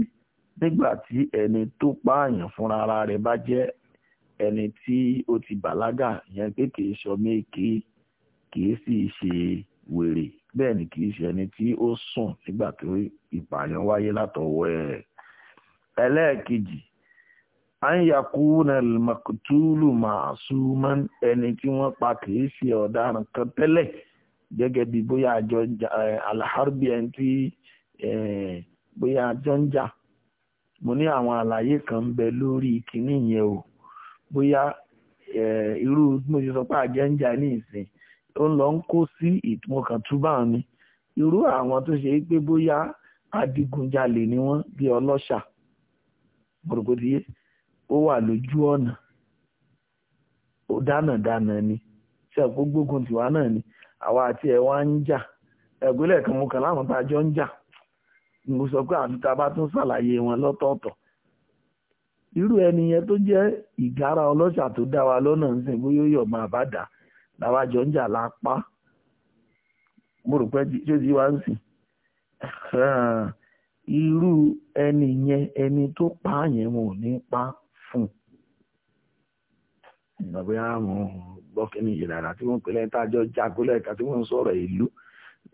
nígbà tí ẹni tó pààyàn fúnra ara rẹ̀ bá jẹ́ ẹni tí ó ti bàlágà yẹn pé kìí ṣọmí èké kìí sì ṣe wèrè bẹ́ẹ̀ ni kìí ṣe ẹni tí ó sùn nígbà tó ìpààyàn wáyé látọwọ́ ẹ̀. ẹlẹ́ẹ̀kejì anyakuna makutulu masuman ẹni tí wọ́n pa kìí ṣe ọ̀daràn kan tẹ́lẹ̀ gẹ́gẹ́ bí bóyá àjọ alaharbi ẹni tí bóyá àjọ ń mo ní àwọn àlàyé kan bẹ lórí kínní yẹn o bóyá irú mo ti sọ pé àjọ ń jà ní ìsìn ó ń lọ ń kó sí ìtumọ̀ kan túbà ni irú àwọn tó ṣe pé bóyá adigunjalè ni wọ́n bí ọlọ́ṣà gbòdògbòdìyẹ ó wà lójú ọ̀nà ó dánàdánà ni ṣe àpò gbógun tiwa náà ni àwa àti ẹ̀ wá ń jà ẹ̀gbẹ́lẹ̀ kan mo kàn láwọn tá sọ pé tá a bá tún ṣàlàyé wọn lọ́tọ̀ọ̀tọ̀ irú ẹni yẹn tó jẹ́ ìgárá ọlọ́ṣà tó dá wa lọ́nà ń sìn bóyá yóò máa bá dà jọ ń jà lápá mo rò pé tí ó gbọ́ kíní yìí rárá tí wọ́n pè lẹ́yìn tá a jọ jago lẹ́ẹ̀ka tí wọ́n ń sọ̀rọ̀ ìlú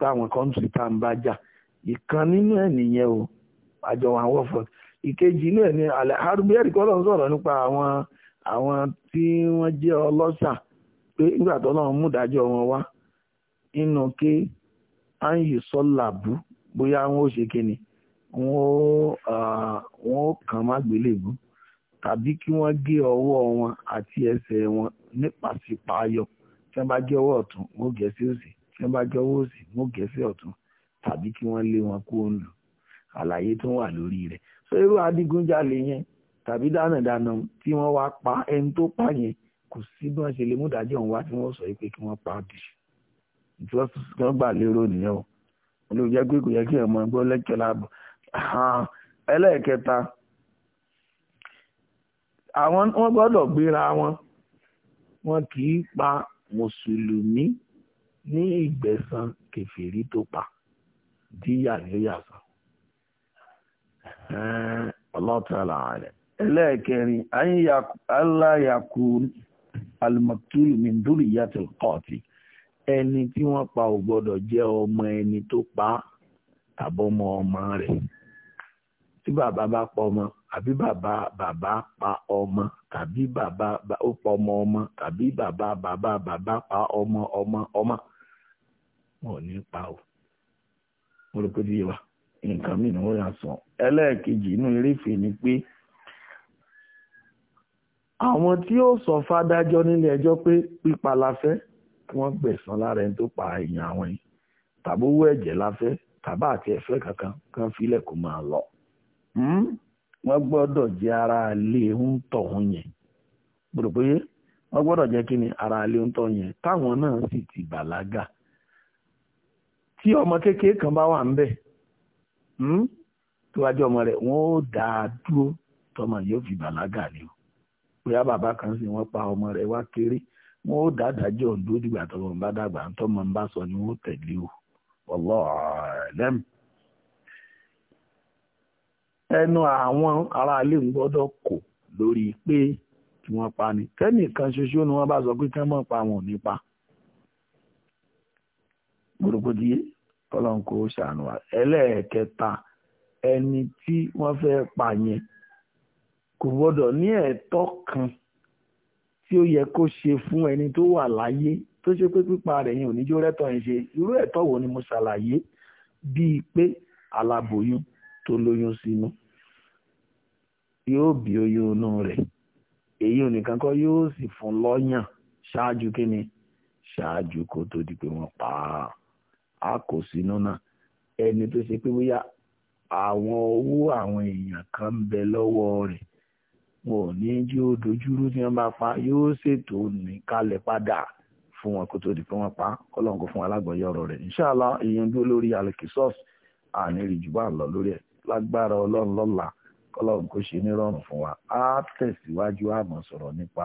táwọn kọ́ńtì tá à ń bá jà ìkan nínú ẹ̀ nìyẹn o àjọ wọn àwọn fọ ìkejì inú ẹ̀ ní alẹ́ harubiyẹ́rì kọ́ lọ́n sọ̀rọ̀ nípa àwọn àwọn tí wọ́n jẹ́ ọlọ́ṣà pé nígbà tó náà mú ìdájọ́ wọn wá nínú kí áyì sọ́làbù bóyá wọn ò ṣe kíni wọn ò kàn má gbélébú tàbí kí wọ́n gé ọwọ́ wọn àti ẹsẹ̀ wọn nípasípaayọ tí wọ́n bá jẹ́ ọwọ́ ọ̀tún wọ́n gẹ̀ sí òsì tí wọ́n bá jẹ́ ọwọ́ òsì wọ́n gẹ̀ sí ọ̀tún tàbí kí wọ́n lé wọn kó lù àlàyé tó wà lórí rẹ̀ so irú adigunjalè yẹn tàbí dánàdánà tí wọ́n wá pa ẹni tó pa yẹn kò sí bí wọ́n ṣe lè mú ìdájọ́ òun wá tí wọ́n sọ pé kí wọ́n pa á àwọn wọ́n gbọ́dọ̀ gbéra wọn wọn kì í pa mùsùlùmí ní ìgbẹ̀san kèfèrí tó pa díyà ni ó yà sàn. ọlọ́tàlá rẹ̀ ẹlẹ́ẹ̀kẹrin aláyàkú alimaktul minduri yatil kọ́ọ̀tì ẹni tí wọ́n pa ò gbọ́dọ̀ jẹ́ ọmọ ẹni tó pa àbọ̀mọ ọmọ rẹ̀ tí bàbá bá pa ọmọ àbí bàbá bàbá pa ọmọ tàbí bàbá ó pa ọmọ ọmọ tàbí bàbá bàbá bàbá pa ọmọ ọmọ ọmọ wọn ò ní pa o mo rò pé bí wa nǹkan mìíràn ó yà sàn ẹlẹ́ẹ̀kejì inú eréfè ni pé àwọn tí ó sọ fádájọ́ nílé ẹjọ́ pé pípa la fẹ́ kí lára ẹni tó pa èèyàn àwọn yìí tàbí owó ẹ̀jẹ̀ la fẹ́ tàbá àti ẹ̀fẹ́ kankan kan fílẹ̀ kó máa lọ. Hmm? wọ́n gbọ́dọ̀ jẹ́ ara ilé ń tọ̀hún yẹn gbọdọ wọ́n ni ara ilé ń tọ̀hún yẹn táwọn náà sì ti bàlágà tí ọmọ kékeré kan bá wà ń bẹ̀ hmm, tó wájú ọmọ rẹ̀ wọ́n ó dá dúró tọmọ yóò fi bàlágà ni o bóyá bàbá kan sì wọ́n pa ọmọ rẹ̀ wá kéré wọ́n ó dá dìgbà tọmọ ń bá tọmọ ń sọ ni wọ́n tẹ̀lé o ẹnu àwọn aráalé ń gbọ́dọ̀ kò lórí pé kí wọ́n pa ni kẹ́nìkan ṣoṣo ni wọ́n bá sọ pé kí wọ́n pa wọn ò ní pa gbòdògbòdì ọlọ́run kò ṣàánú wa ẹlẹ́ẹ̀kẹta ẹni tí wọ́n fẹ́ pa yẹn kò gbọ́dọ̀ ní ẹ̀tọ́ kan tí ó yẹ kó ṣe fún ẹni tó wà láyé tó ṣe pé pípa rẹ̀ yẹn ò ní jó rẹ́tọ̀ yẹn ṣe irú ẹ̀tọ́ wo ni mo ṣàlàyé bíi pé aláboyún tó lóyún sínú yóò bí oyún inú rẹ̀ èyí ò nìkan kọ́ yóò sì fún lọ́yàn ṣáájú kíni ṣáájú kó tó di pé wọ́n pa á kò sínú náà ẹni tó ṣe pé bóyá àwọn owó àwọn èèyàn kan ń bẹ lọ́wọ́ rẹ̀ wọn ò ní jí ó tí wọ́n bá pa yóò ṣètò nìkalẹ̀ padà fún wọn kó tó di pé wọ́n pa kọ́lọ́n kó fún alágbọ̀nyọ́rọ̀ rẹ̀ inṣàlá ìyẹn dúró lórí alikisọ́ọ̀sì àní ìrìjùbá lọ lórí ẹ̀ lágbára ọlọ́run lọ́la kọ́lọ́run kó ṣe nírọ̀rùn fún wa á tẹ̀síwájú àmọ́ sọ̀rọ̀ nípa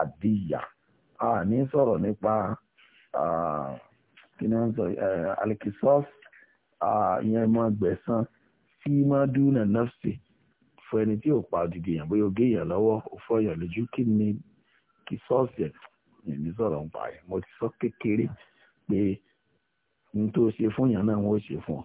àdìyà a ní sọ̀rọ̀ nípa kí ni wọ́n sọ alikisọ́s ìyẹn mọ́ gbẹ̀sán tí mọ́ dúnà nọ́ọ̀sì fún ẹni tí ò pa òdìdí èèyàn bóyá ogé èèyàn lọ́wọ́ ò fọ́ èèyàn lójú kí ni kí sọ́ọ̀sì ẹ̀ ní sọ̀rọ̀ ń pa ẹ̀ mo ti sọ kékeré pé n tó ṣe fún èèyàn náà wọ́n ṣe fún ọ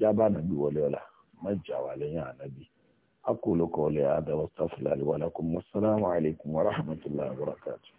jábà nàbí wọlé ọ̀la má jà wà lẹ́yìn ànábì akólókọ̀ọ́lẹ̀ adáwọ̀ sáfìlà àlùwàlàkùn mọ́sálàmù alaykum wa rahmatulahi wa barakatuh.